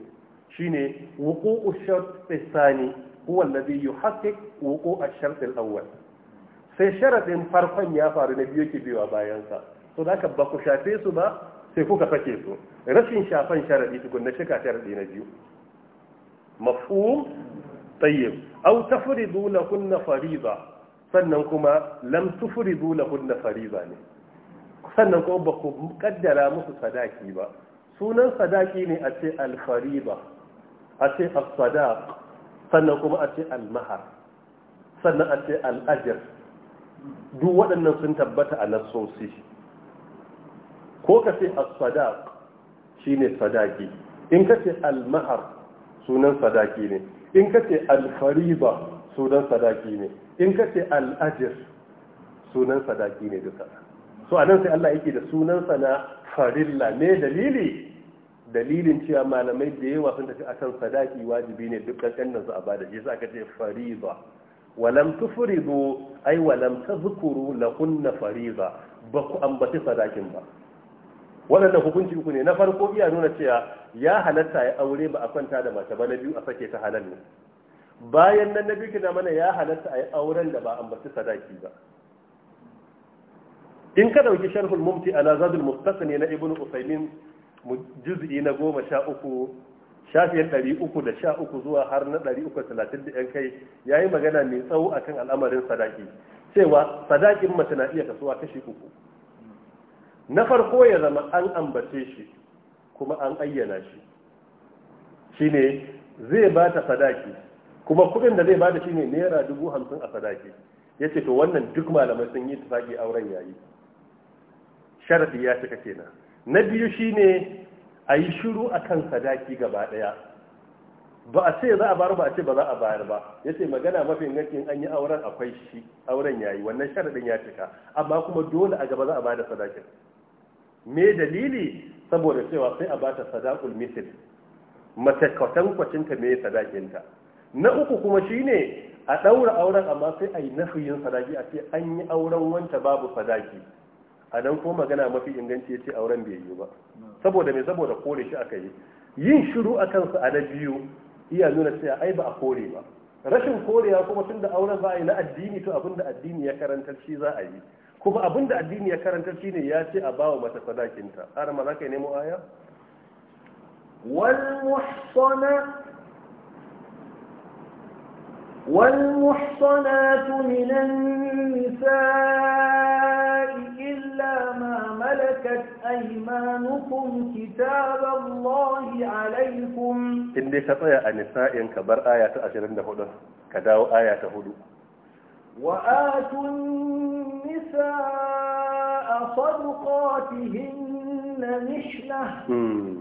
shine wuqu'u shart tsani huwa alladhi yuhaqqiq wuqu'u ash-shart al-awwal sai sharadin farkon ya faru na biyu ke biwa bayan sa to da ba ku shafe su ba sai kuka fake su rashin shafan sharadi tukun na shika sharadi na biyu mafhum tayyib aw tafridu lahunna fariida sannan kuma lam tufridu lahunna fariida ne sannan kuma ba ku kaddara musu sadaki ba sunan sadaki ne a ce alfariba a ce al sannan kuma a ce almahar sannan a ce al duk waɗannan sun tabbata a nassosi ko ka ce al shi ne sadaki in ka ce almahar sunan sadaki ne in ka ce alfariba sunan sadaki ne in ka ce al sunan sadaki ne duka so a nan sai Allah yake da sunansa na farilla me dalili dalilin cewa malamai da yawa sun tafi akan sadaki wajibi ne duk kankan su a bada shi aka ce fariza walam tufridu ay walam tazkuru lahun fariza ba ku ambaci sadakin ba wannan hukunci ku ne na farko iya nuna cewa ya halatta ya aure ba a kwanta da mace ba na biyu a sake ta halal ne bayan nan na biyu kina mana ya halatta a yi auren da ba ambaci sadaki ba in ka dauki sharhul mumti ala zadul mustaqni na ibnu usaymin juz'i na 13 shafiyan 313 zuwa har na 330 da yan kai yayi magana mai tsawo akan al'amarin sadaki cewa sadakin mace na iya kasuwa kashi uku na farko ya zama an ambace shi kuma an ayyana shi shine zai ba ta sadaki kuma kuɗin da zai ba da shine naira dubu hamsin a sadaki ya ce to wannan duk malamai sun yi tufaki auren yayi sharadi ya cika kenan na biyu shine a yi shiru kan sadaki gaba daya ba a ce za a bayar ba a ce ba za a bayar ba ya ce magana mafi ingancin an yi auren akwai shi auren ya yi wannan sharadin ya cika amma kuma dole a gaba za a da sadakin me dalili saboda cewa sai a bata sadakul misil mace kwatankwacinta me sadakinta na uku kuma shine a ɗaura auren amma sai a yi nafiyin sadaki a ce an yi auren wanta babu sadaki a nan ko magana mafi inganci ya ce auren bai yi ba saboda mai saboda kore shi aka yi yin shiru a kansu a na biyu iya nuna cewa ai ba a kore ba rashin kore korewa kuma tun da auren ba a yi na addini to abinda addini ya karantar shi za a yi kuma abinda addini ya karantar shi ne ya ce a bawa mata sadakinta har ma za ka nemo aya والمحصنات من النساء إلا ما ملكت أيمانكم كتاب الله عليكم إن دي شطية النساء كبر آية أشرين هدو كداو آية هدو وآتوا النساء صدقاتهن لهن نحلة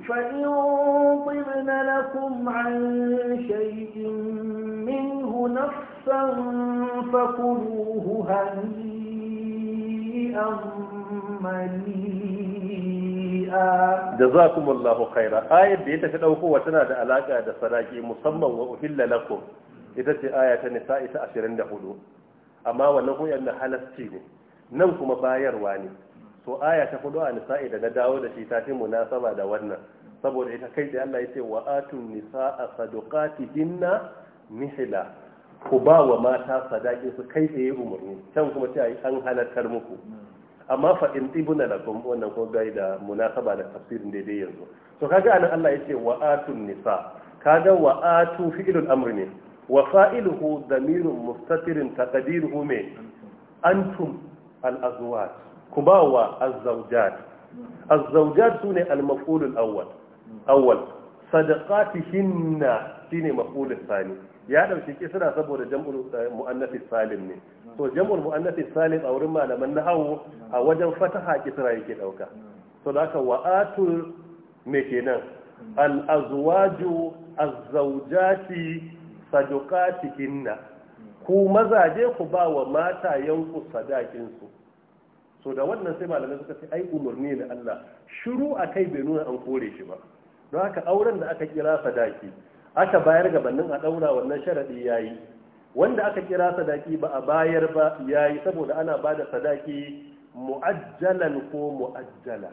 فإن طبن لكم عن شيء منه نفسا فكلوه هنيئا مريئا جزاكم الله خيرا آية بيتك الأوقوة تنادى علاقة دسراكي مصمم وأهل لكم ita ce aya ta nisa'i ta 24 amma wannan koyar na halasci ne nan kuma bayarwa ne to aya ta hudu a nisa'i da na dawo da shi ta fi munasaba da wannan saboda ita kai da Allah ya ce wa atun nisa'a sadaqatihinna mihla ku ba wa mata sadaki su kai tsaye umarni can kuma ce an halartar muku amma fa in tibuna lakum wannan ko gai da munasaba da tafsirin daidai yanzu to kaga anan Allah ya ce wa atun nisa kaga wa atu fi'lul amri ne wa fa'iluhu damirun mustatirin taqdiruhu me antum al azwaj ku ba wa azzawjat azzawjat sune al-maf'ul al-awwal awwal sadaqatihinna shine maf'ul al-thani ya dauki kisra saboda jam'ul eh, muannath salim ne to jam'ul muannath salim a wurin malaman nahwu a wajen fataha kisra yake dauka to da haka wa'atul me kenan al-azwaju az-zawjati sadaqatihinna ku mazaje ku ba wa matayenku sadakinsu so da wannan sai malamai suka ce ai umarni ne Allah shiru a kai bai nuna an kore shi ba don haka auren da aka kira sadaki aka bayar gabanin a daura wannan sharadi yayi wanda aka kira sadaki ba a bayar ba yayi saboda ana bada sadaki mu'ajjalan ko mu'ajjala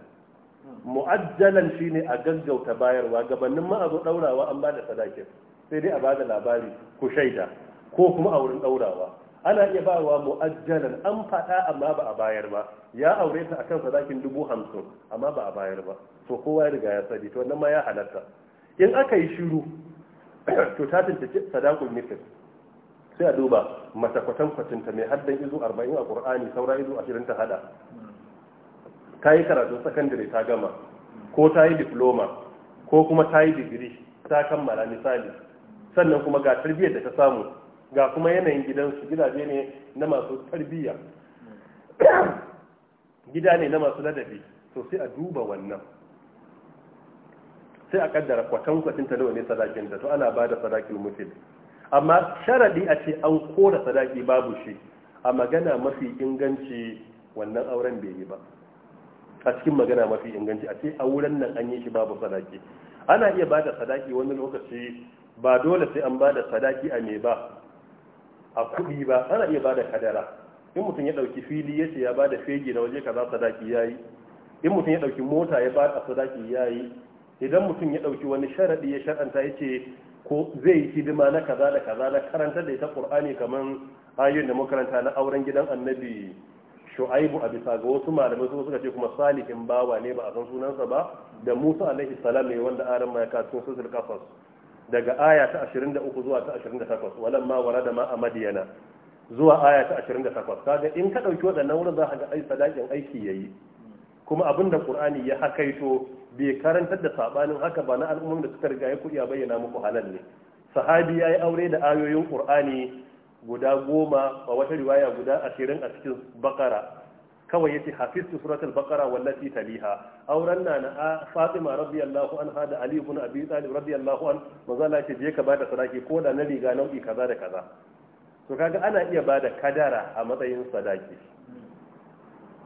mu'ajjalan shine a gaggauta bayarwa gabanin ma a zo daurawa an bada sadakin sai dai a bada labari ku shaida ko kuma a wurin daurawa ana iya ba wa mu'ajjalan an faɗa amma ba a bayar ba ya aure ta akan sadakin dubu hamsin amma ba a bayar ba to kowa ya riga ya sani to wannan ma ya halatta in aka yi shiru to ta tantance sadakun misir sai a duba matakwatan kwatinta mai haddan izu arba'in a qur'ani saura izu 20 ta hada ta yi karatun sakandare ta gama ko ta yi diploma ko kuma ta yi digiri ta kammala misali sannan kuma ga tarbiyyar da ta samu ga kuma yanayin gidansu gidaje ne na masu tarbiyya gida ne na masu ladabi to sai a duba wannan sai a kaddara kwatankwacin ta nawa ne sadakin da, to ana ba da sadakin mutum amma sharadi a ce an kora sadaki babu shi a magana mafi inganci wannan auren bai yi ba a cikin magana mafi inganci a ce a wurin nan an yi shi babu sadaki ana iya ba da sadaki wani lokaci ba dole sai an ba da sadaki a mai ba a kuɗi ba ana iya bada kadara in mutum ya ɗauki fili ya ce ya bada fege na waje kaza sadaki ya yi in mutum ya ɗauki mota ya bada sadaki ya yi idan mutum ya ɗauki wani sharaɗi ya shar'anta ya ce ko zai yi hidima na kaza da kaza na karanta da ita ƙur'ani kamar ayoyin da makaranta na auren gidan annabi shu'aibu a bisa ga wasu malamai su suka ce kuma salihin bawa ne ba a san sunansa ba da musa alaihi salam ne wanda aran ma ya kasu sun sulkafas daga aya ta 23 zuwa ta 28 walamma warada ma a madiyana zuwa aya ta 28 kaga in ka dauki waɗannan wurin za ka ga ai sadakin aiki yayi kuma abinda qur'ani ya hakaito bai karantar da sabanin haka ba na al'ummar da suka riga ya kuɗi bayyana muku halal ne sahabi yayi aure da ayoyin qur'ani guda goma a wata riwaya guda ashirin a cikin bakara kawai yace Hafizu suratul baqara wallati taliha auren na na fatima radiyallahu anha da ali ibn abi talib radiyallahu an manzala ce je ka bada sadaki ko da na riga nau'i kaza da kaza to kaga ana iya bada kadara a matsayin sadaki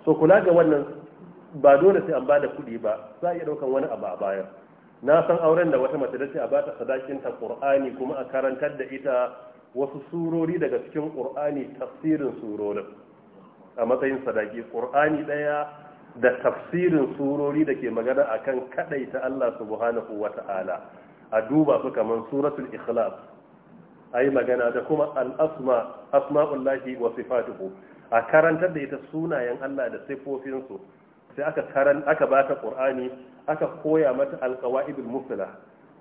so kula ga wannan ba dole sai an bada kuɗi ba za a iya ɗaukan wani abu a baya na san auren da wata mace da ce a bata sadakin ta qur'ani kuma a karantar da ita wasu surori daga cikin qur'ani tafsirin surorin a matsayin sadaki qur'ani ɗaya, da tafsirin surori da ke magana a kan kaɗaita Allah subhanahu Ta'ala a duba su kamar suratul ikhlas ai magana da kuma al-asma asma'ullahi wa sifatuhu a karantar da ita sunayen Allah da siffofinsu sai aka karan aka bata qur'ani aka koya mata alƙawa'idul musla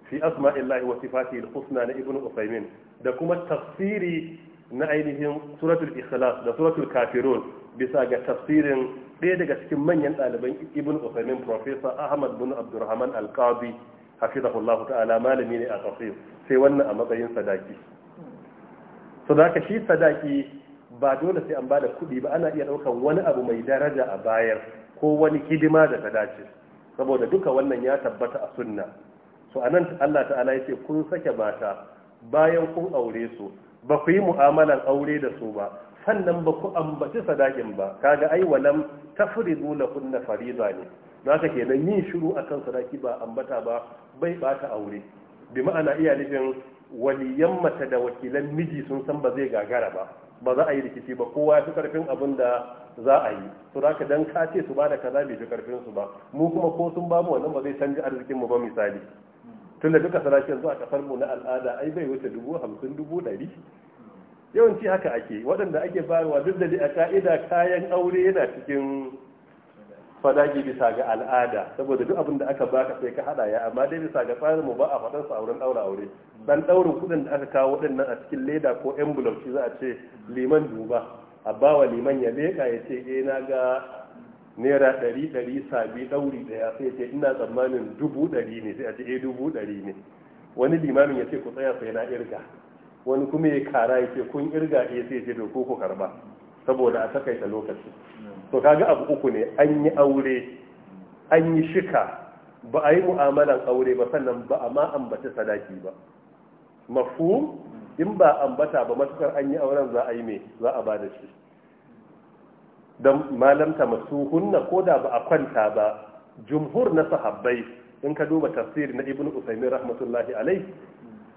fi asma'illahi wa sifatihi al-husna na ibnu usaymin da kuma tafsiri na ainihin suratul ikhlas da suratul kafirun bisa ga tafsirin ɗaya daga cikin manyan ɗaliban ibn usaimin profesa ahmad bin abdurrahman al-qadi hafizahullahu ta'ala malami ne a tafsir sai wannan a matsayin sadaki so da haka shi sadaki ba dole sai an ba da kuɗi ba ana iya ɗaukar wani abu mai daraja a bayar ko wani hidima da ta dace saboda duka wannan ya tabbata a sunna so anan Allah ta'ala ya ce kun sake mata bayan kun aure su ba ku yi mu'amalan aure da su ba sannan ba ku ambaci sadakin ba kaga ai walam tafridu kunna farida ne don haka kenan yin shiru kan sadaki ba ambata ba bai bata aure bi ma'ana iya nufin waliyan mata da wakilan miji sun san ba zai gagara ba ba za a yi rikici ba kowa ya fi karfin abin da za a yi to raka dan ka ce su ba da kaza bai fi karfin su ba mu kuma ko sun ba mu wannan ba zai canji arzikin mu ba misali tun da duka sadaki yanzu a kasar mu na al'ada ai bai wuce dubu hamsin dubu ɗari yawanci haka ake waɗanda ake bayarwa duk da a ka'ida kayan aure yana cikin fadaki bisa ga al'ada saboda duk abin da aka baka sai ka hada ya amma dai bisa ga tsarin mu ba a faɗan su auren ɗaura aure dan ɗaurin kuɗin da aka kawo waɗannan a cikin leda ko envelope shi za a ce liman duba a bawa liman ya leƙa ya ce eh na ga naira ɗari ɗari sabi ɗauri ɗaya sai ce ina tsammanin dubu ɗari ne sai a ce eh, dubu ɗari ne wani limamin ya ce ku tsaya sai na irga wani kuma ya kara ya ce kun irga ɗaya eh, sai ce ko ku karba saboda a takaita lokaci to kaga abu uku ne an yi aure an yi shika ba a yi mu'amalan aure ba sannan ba a ma ambata sadaki ba mafhum in ba ambata ba matukar an yi auren za a yi me za a ba da shi don malamta masu hunna ko da ba a kwanta ba jumhur na sahabbai in ka duba tafsiri na ibn usaimin rahmatullahi alai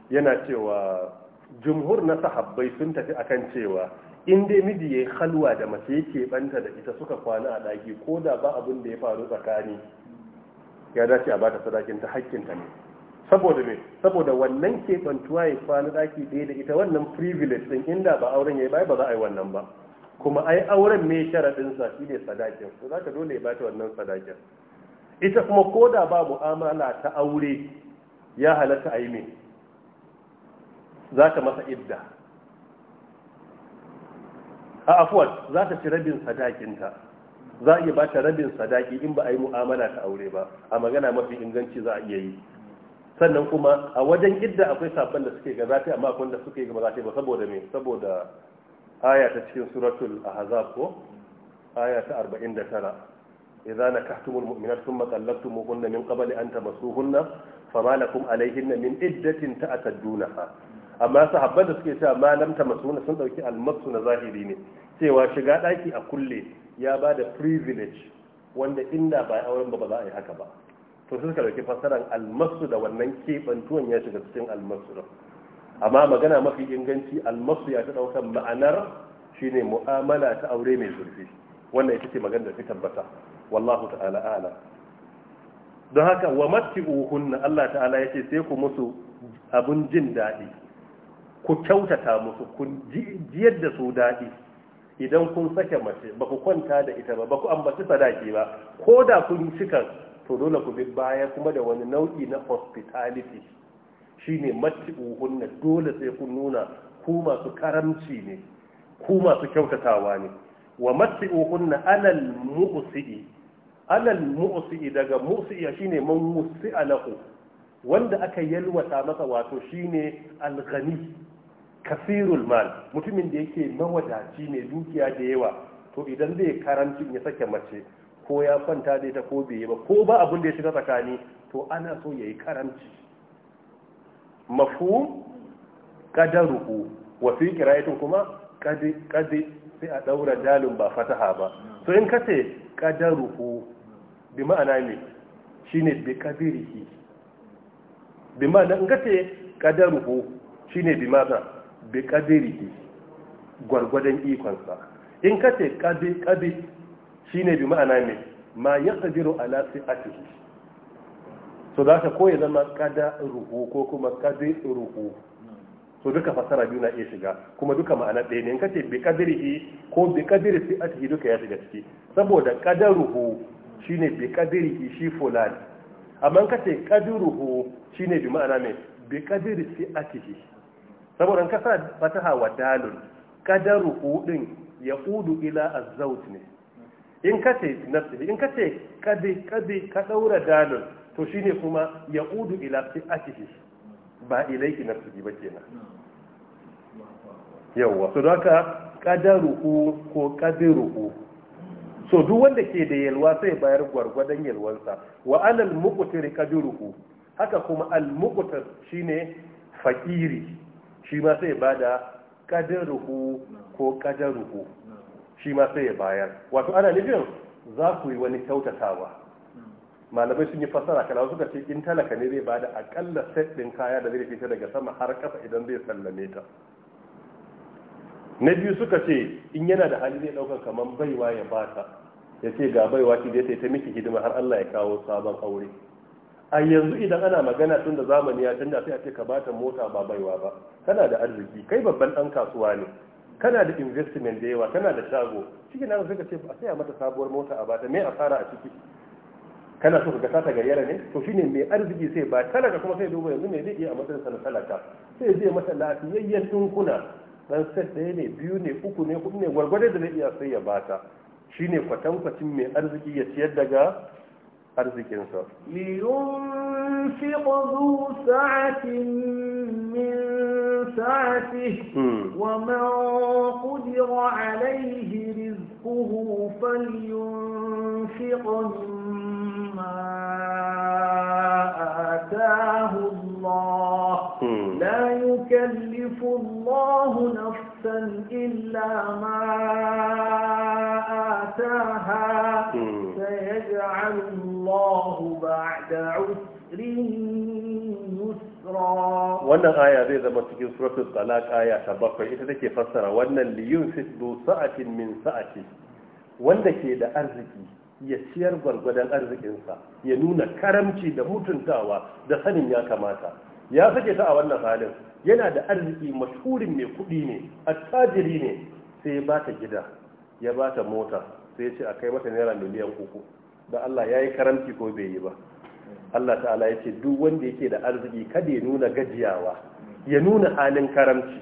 yana cewa jumhur na sahabbai sun tafi akan cewa in dai miji ya yi halwa da mace yake banta da ita suka kwana a ɗaki ko da ba abin da ya faru tsakani ya dace a bata sadakin ta hakkinta ne saboda me saboda wannan ke keɓantuwa ya kwana ɗaki ɗaya da ita wannan privilege din inda ba auren ya yi ba ba za a yi wannan ba kuma ai auren mai sa shi ne sadakin to za ka dole ya bata wannan sadakin ita kuma ko da ba mu'amala ta aure ya halatta a yi mai za ta masa idda a afuwar za ta ci rabin sadakinta za a iya ba ta rabin sadaki in ba a yi mu'amala ta aure ba a magana mafi inganci za a iya yi sannan kuma a wajen idda akwai sabon da suke ga zafi amma akwai da suke ga zafi ba saboda me saboda aya ta cikin suratul ahzab ko aya ta 49 idza nakahtumul mu'minat thumma talaqtumuhunna min qabli an tamassuhunna fama lakum alayhinna min iddatin ta'taddunaha amma sahabban da suke cewa ma lam tamassuhunna sun dauki almasu na zahiri ne cewa shiga daki a kulle ya bada privilege wanda inda ba auren ba ba za a yi haka ba to suka dauki fasaran almasu da wannan kebantuwan ya shiga cikin almasu amma magana mafi inganci almasu ya ta ɗaukar ma'anar shine mu'amala ta aure mai zurfi wannan ita ce magana da ta tabbata wallahu ta'ala ala don haka wa matti'uhunna Allah ta'ala yace sai ku musu abun jin daɗi ku kyautata musu ku jiyar da su daɗi idan kun sake mace ba ku kwanta da ita ba ba ku ambaci sadaki ba ko da kun cika to dole ku bi baya kuma da wani nau'i na hospitality Shi shine matti'uhunna dole sai kun nuna ku masu karamci ne ku masu kyautatawa ne wa matti'uhunna alal mu'si'i alal mu'si'i daga mu'si'i shine man musi'a lahu wanda aka yalwata masa wato shine al-ghani kasirul mal mutumin da yake mawadaci ne dukiya da yawa to idan zai karanci ya sake mace ko ya kwanta da ita ko bai yi ba ko ba abin da ya shiga tsakani to ana so yayi yi karanci mafhum qadaruhu wa fi qira'atin kuma qadi qadi sai a daura dalin ba fataha ba to in kace qadaruhu bi ma'ana ne shine bi kadirihi bi ma'ana in kace qadaruhu shine bi ma'ana bi gurgurdan ikon sa in kace qadi qadi shine bi ma'ana ne ma yaqdiru ala fi'atihi so za ka koya zama kada ruhu ko kuma kadi ruhu so duka fasara biyu na iya shiga kuma duka ma'ana ɗaya ne in kace bi qadrihi ko bi a si'atihi duka ya shiga ciki saboda qadaruhu shine bi qadrihi shi fulani amma in kace qadruhu shine bi ma'ana me bi a si'atihi saboda in ka sa fataha wa dalun qadaruhu din kudu ila azzawt ne in kace nafsi in kace qadi qadi ka daura dalun to shi ne kuma ya'udu ila atihi ba na suji ba kenan yawa so haka kadaruhu ko qadiruhu so duk wanda ke da yalwa sai bayar gwargwadon yalwansa wa alal muqtir haka kuma al muqtir shine fakiri shi ma sai bada qadaruhu ko kadaruhu shi ma sai bayar wato ana nufin za ku yi wani kyautatawa malamai sun yi fasara kana suka ce in talaka ne zai bada akalla set din kaya da zai fita daga sama har kafa idan zai sallame ta na biyu suka ce in yana da hali zai dauka kamar baiwa ya bata ya ce ga baiwa ki zai ta miki hidima har Allah ya kawo sabon aure a yanzu idan ana magana tun da zamani ya canza sai a ce ka bata mota ba baiwa ba kana da arziki kai babban dan kasuwa ne kana da investment da yawa kana da shago cikin nan suka ce a saya mata sabuwar mota a bata me asara a ciki kana so ka sata ga yara ne to shine mai arziki sai ba talaka kuma sai duba yanzu mai zai iya a matsayin sana talaka sai zai masa lafiyayyen ɗinkuna dan set ɗaya ne biyu ne uku ne hudu ne gwargwade da zai iya sai ya bata shine kwatankwacin mai arziki ya ciyar daga arzikinsa liyun fi sa'atin min سعته ومن قدر عليه رزقه فلينفق مما آتاه الله لا يكلف الله نفسا إلا ما آتاها سيجعل الله بعد عسر wannan aya zai zama cikin suratul talaq aya ta bakwai ita take fassara wannan liyun sitdu sa'atin min sa'ati wanda ke da arziki ya ciyar gwargwadon arzikinsa ya nuna karamci da mutuntawa da sanin ya kamata ya sake ta a wannan halin yana da arziki mashhurin mai kuɗi ne attajiri ne sai ya bata gida ya bata mota sai ya ce a kai mata naira miliyan uku da Allah ya yi karamci ko bai yi ba Allah ta'ala ya ce duk wanda yake da arziki kada ya nuna gajiyawa ya nuna halin karamci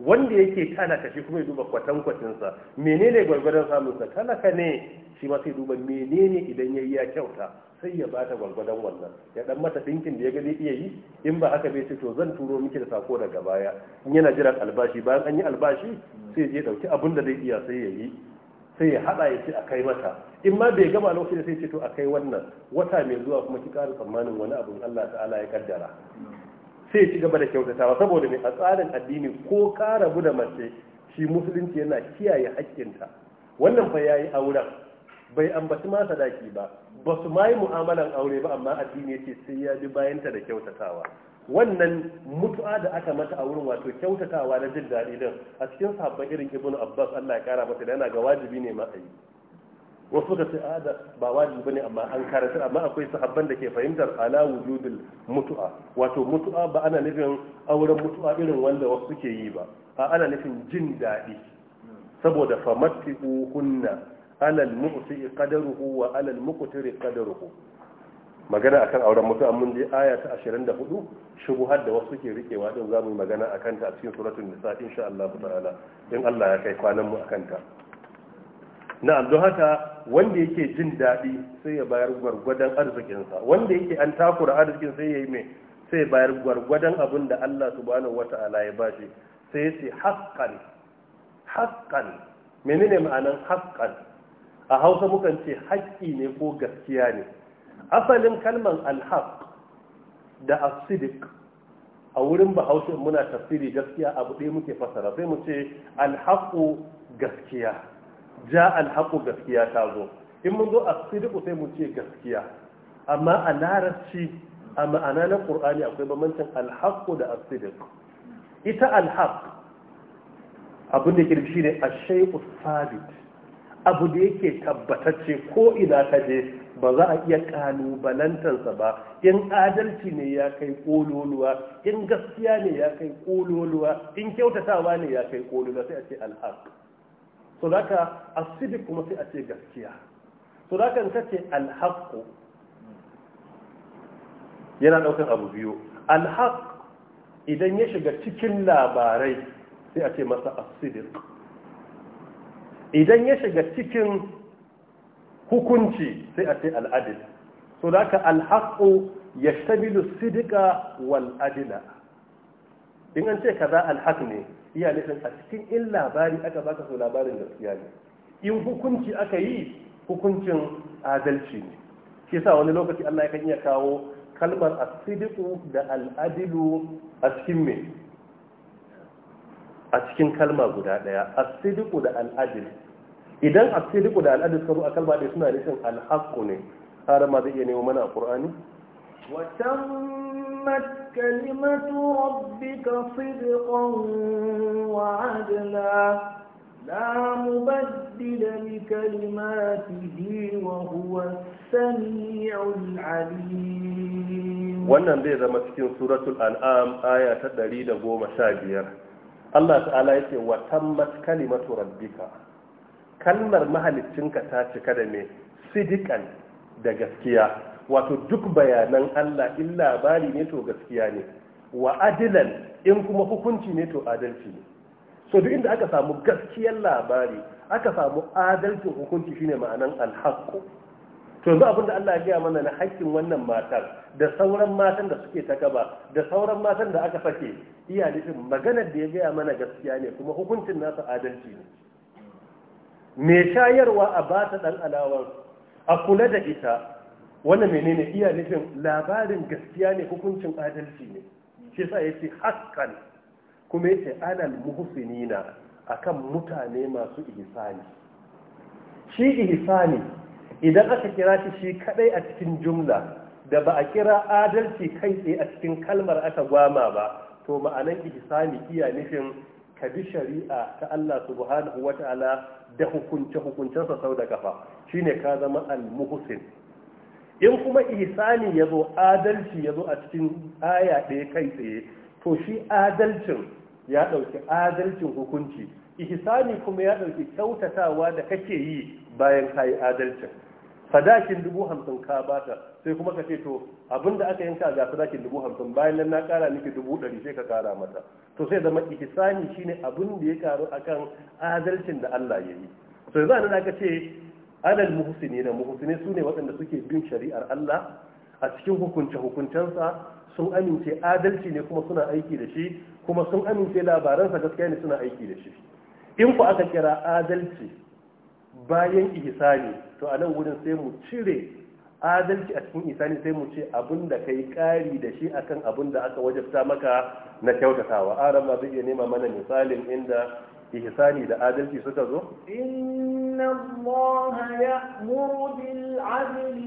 wanda yake kana kashi kuma ya duba kwatankwacinsa menene gwargwadon samunsa talaka ne shi ma sai duba menene idan ya yi ya kyauta sai ya bata gwargwadon wannan ya dan mata dinkin da ya gani iya yi in ba haka bai ce to zan turo miki da sako daga baya in yana jiran albashi bayan an yi albashi sai ya je dauki abin da zai iya sai ya yi sai ya hada ya ce a kai mata in ma bai gama lokaci da sai ce to a kai wannan wata mai zuwa kuma ki ƙara tsammanin wani abun Allah ta'ala ya kaddara sai ya ci gaba da kyautatawa saboda mai a tsarin addini ko kara bu da mace shi musulunci yana kiyaye haƙƙinta wannan fa yayi auren bai ambaci ma sadaki ba ba su mai mu'amalan aure ba amma addini ya sai ya bi bayanta da kyautatawa wannan mutu'a da aka mata a wurin wato kyautatawa na jin daɗi din a cikin sahabban irin ibnu abbas Allah ya kara masa yana ga wajibi ne ma yi wasu da ce ada ba wajibi bane amma an karanta amma akwai sahabban da ke fahimtar ala wujudul mutu'a wato mutu'a ba ana nufin auren mutu'a irin wanda wasu suke yi ba a ana nufin jin daɗi saboda famattihu hunna alal mu'ti qadaruhu wa alal muqtiri qadaruhu magana akan auren mutu an mun je aya ta 24 shubuhar da wasu ke rikewa din zamu yi magana akan ta a cikin suratul nisa insha Allah ta'ala in Allah ya kai kwanan mu akan ta na'am don haka wanda yake jin dadi sai ya bayar gwargwadon arzikinsa wanda yake an takura arzikin sai ya yi mai sai bayar gwargwadon abin da Allah subhanahu wata'ala ya bashi sai yace haqqan haƙƙan haƙƙan menene ma'anan haƙƙan a hausa mukan ce haƙƙi ne ko gaskiya ne asalin kalman alhaq da asidik a wurin bahaushe muna tafsiri gaskiya abu ɗaya muke fasara sai mu ce alhaqu gaskiya ja alhaqu gaskiya ta zo in mun zo asidiku sai mu ce gaskiya amma a larabci a ma'ana na ƙur'ani akwai bambancin alhaqu da asidik ita alhaq abin da ke shi ne a shay'u sabit abu da yake tabbatacce ko ina ka je ba za a iya kalubalantarsa ba in adalci ne ya kai kololuwa in gaskiya ne ya kai kololuwa in kyautatawa ne ya kai kololuwa sai a ce alhaq so zaka asidik kuma sai a ce gaskiya so zaka in kace alhaq yana daukan abu biyu alhaq idan ya shiga cikin labarai sai a ce masa asidik idan ya shiga cikin hukunci sai a ce al'adil so da ka alhaƙo ya shabilu sidika wal'adila in an ce kaza alhaƙ ne iya nufin a cikin in labari aka baka so labarin gaskiya ne in hukunci aka yi hukuncin adalci ne ke sa wani lokaci Allah ya iya kawo kalmar sidiku da al'adilu a cikin mai. a cikin kalma guda daya asidiku da al'adil idan a siriku da al'adu suka zo a kalma da suna nufin alhaƙu ne har ma zai iya nemo mana a ƙur'ani وتمت كلمة ربك صدقا وعدلا لا مبدل لكلماته وهو السميع العليم wannan zai zama cikin suratul an'am aya ta 115 Allah ta'ala yake wa tammat kalimatu rabbika kalmar mahalicinka ta cika da me sidikan da gaskiya wato duk bayanan Allah in labari ne to gaskiya ne wa adilan in kuma hukunci ne to adalci ne so duk inda aka samu gaskiyar labari aka samu adalcin hukunci shine ma'anan alhaqqu to yanzu abinda Allah ya gaya mana na haƙƙin wannan matar da sauran matan da suke ta gaba da sauran matan da aka fake iya nufin maganar da ya gaya mana gaskiya ne kuma hukuncin nasa adalci ne mai shayarwa a ba ta ɗan alawar a kula da ita wannan menene iya nufin labarin gaskiya ne hukuncin adalci ne shi sa ya ce haskan kuma ya ce alal muhsinina akan mutane masu ihsani shi ihsani idan aka kira shi shi kadai a cikin jumla da ba a kira adalci kai tsaye a cikin kalmar aka gwama ba to ma'anan ihsani iya nufin ka bi shari'a ta Allah subhanahu wa ta'ala da hukunce hukuncensa sau da kafa shine ka zama al-muhsin in kuma ihsani yazo adalci yazo a cikin aya ɗaya kai tsaye to shi adalcin ya ɗauki adalcin hukunci ihsani kuma ya ɗauki kyautatawa da kake yi bayan kayi adalcin sadakin dubu hamsin ka bata sai kuma ka ce to abinda aka yanka ga sadakin dubu hamsin bayan nan na kara miki dubu ɗari sai ka kara mata to sai zama ihsani shine abin da ya karu akan adalcin da Allah ya yi to yanzu anan aka ce adal muhsini na muhsini sune waɗanda suke bin shari'ar Allah a cikin hukunce hukuncensa sun amince adalci ne kuma suna aiki da shi kuma sun amince labaransa gaskiya ne suna aiki da shi in ku aka kira adalci bayan ihsani to a nan wurin sai mu cire adalci a cikin ihsani sai mu ce abin da kai kari da shi akan abin da aka wajabta maka na kyautatawa aran ma zai iya nema mana misalin inda ihsani da adalci suka zo inna allaha ya'muru bil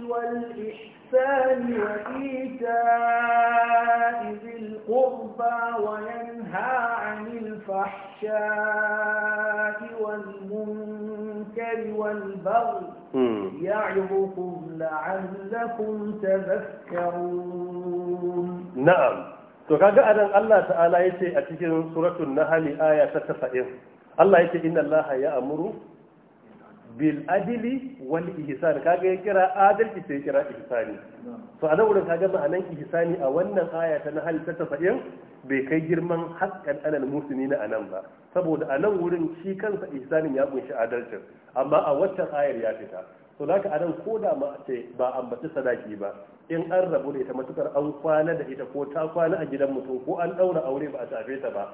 wal ihsan wa ita qurba wa yanha 'anil fahsha Na'am. to kaga anan Allah ta'ala yace a cikin suratul nahl aya ta 90 Allah yace inna Allaha ya'muru bil adli wal ihsan kaga ya kira adalci sai kira ihsani to a nan wurin kaga ma'anan ihsani a wannan aya ta nahl ta 90 bai kai girman haƙƙan anan musulmi na anan ba saboda a nan wurin shi kansa ya kunshi adalcin amma a waccan ayar ya fita to za ka anan ko da mace ce ba ambaci sadaki ba in an rabu da ita matukar an kwana da ita ko ta kwana a gidan mutum ko an ɗaura aure ba a tafe ta ba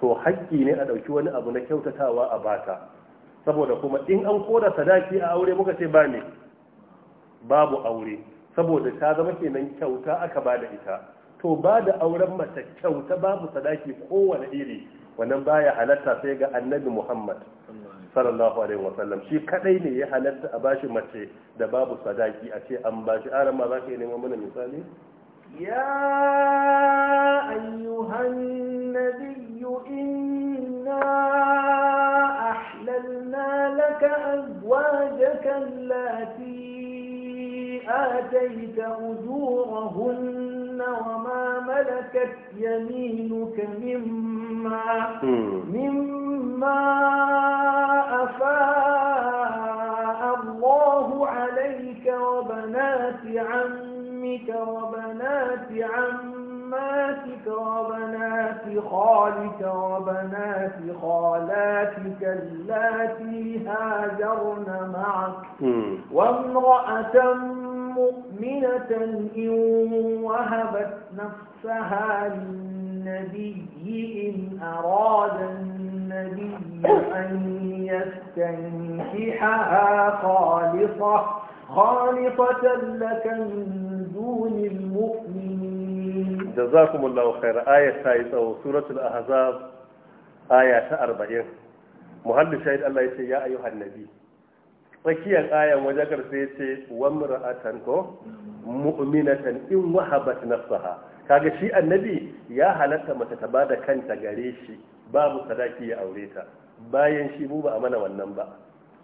to haƙƙi ne a ɗauki wani abu na kyautatawa a bata saboda kuma in an koda sadaki a aure muka ce ba ne babu aure saboda ta zama kenan kyauta aka ba da ita to ba da auren mace kyauta babu sadaki kowane iri wannan baya halatta sai ga annabi muhammad sallallahu alaihi wasallam shi kadai ne ya halatta a bashi mace da babu sadaki a ce an bashi aran ma za ka yi neman mana misali يا أيها النبي إنا أحللنا آتيت أجورهن وما ملكت يمينك مما, مما أفاء الله عليك وبنات عمك وبنات عماتك وبنات خالك وبنات خالاتك اللاتي هاجرن معك وامرأة مؤمنة إن وهبت نفسها للنبي إن أراد النبي أن يستنكحها خالصة خالصة لك من دون المؤمنين جزاكم الله خير آية سايسة وسورة الأحزاب آية أربعين مهل شهيد الله يا أيها النبي tsakiyar ayan wajen sai ce wa mura'atan ko mu'minatan in wahabat nafsaha kaga shi annabi ya halatta mace ta bada kanta gare shi babu sadaki ya aure ta bayan shi mu ba a mana wannan ba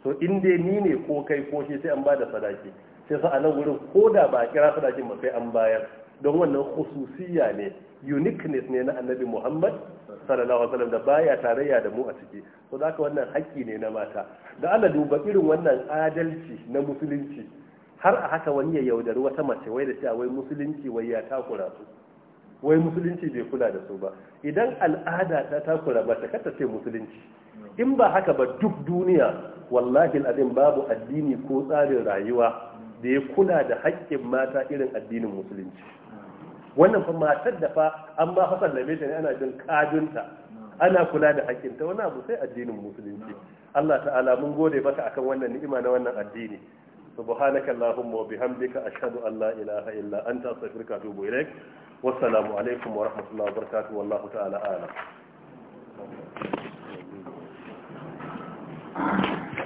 to in dai ni ne ko kai ko shi sai an bada sadaki sai sa a nan wurin ko da ba kira sadakin ba sai an bayar don wannan khususiyya ne uniqueness ne na annabi muhammad sallallahu alaihi wasallam da baya tarayya da mu a ciki so zaka wannan haƙƙi ne na mata da Allah duba irin wannan adalci na musulunci har a haka wani ya yaudari wata mace wai da cewa wai musulunci wai ya takura su wai musulunci bai kula da su ba idan al'ada ta takura ba ta kata ce musulunci in ba haka ba duk duniya wallahi al'adin babu addini ko tsarin rayuwa da ya kula da haƙƙin mata irin addinin musulunci wannan fa matar da fa an ma fa sallame ta ne ana jin kadinta ana kula da hakinta wani abu sai addinin musulunci Allah ta'ala mun gode maka akan wannan ni'ima na wannan addini subhanaka allahumma wa bihamdika ashhadu an la ilaha illa anta astaghfiruka wa atubu ilaik wassalamu alaikum wa rahmatullahi wa barakatuh wallahu ta'ala a'lam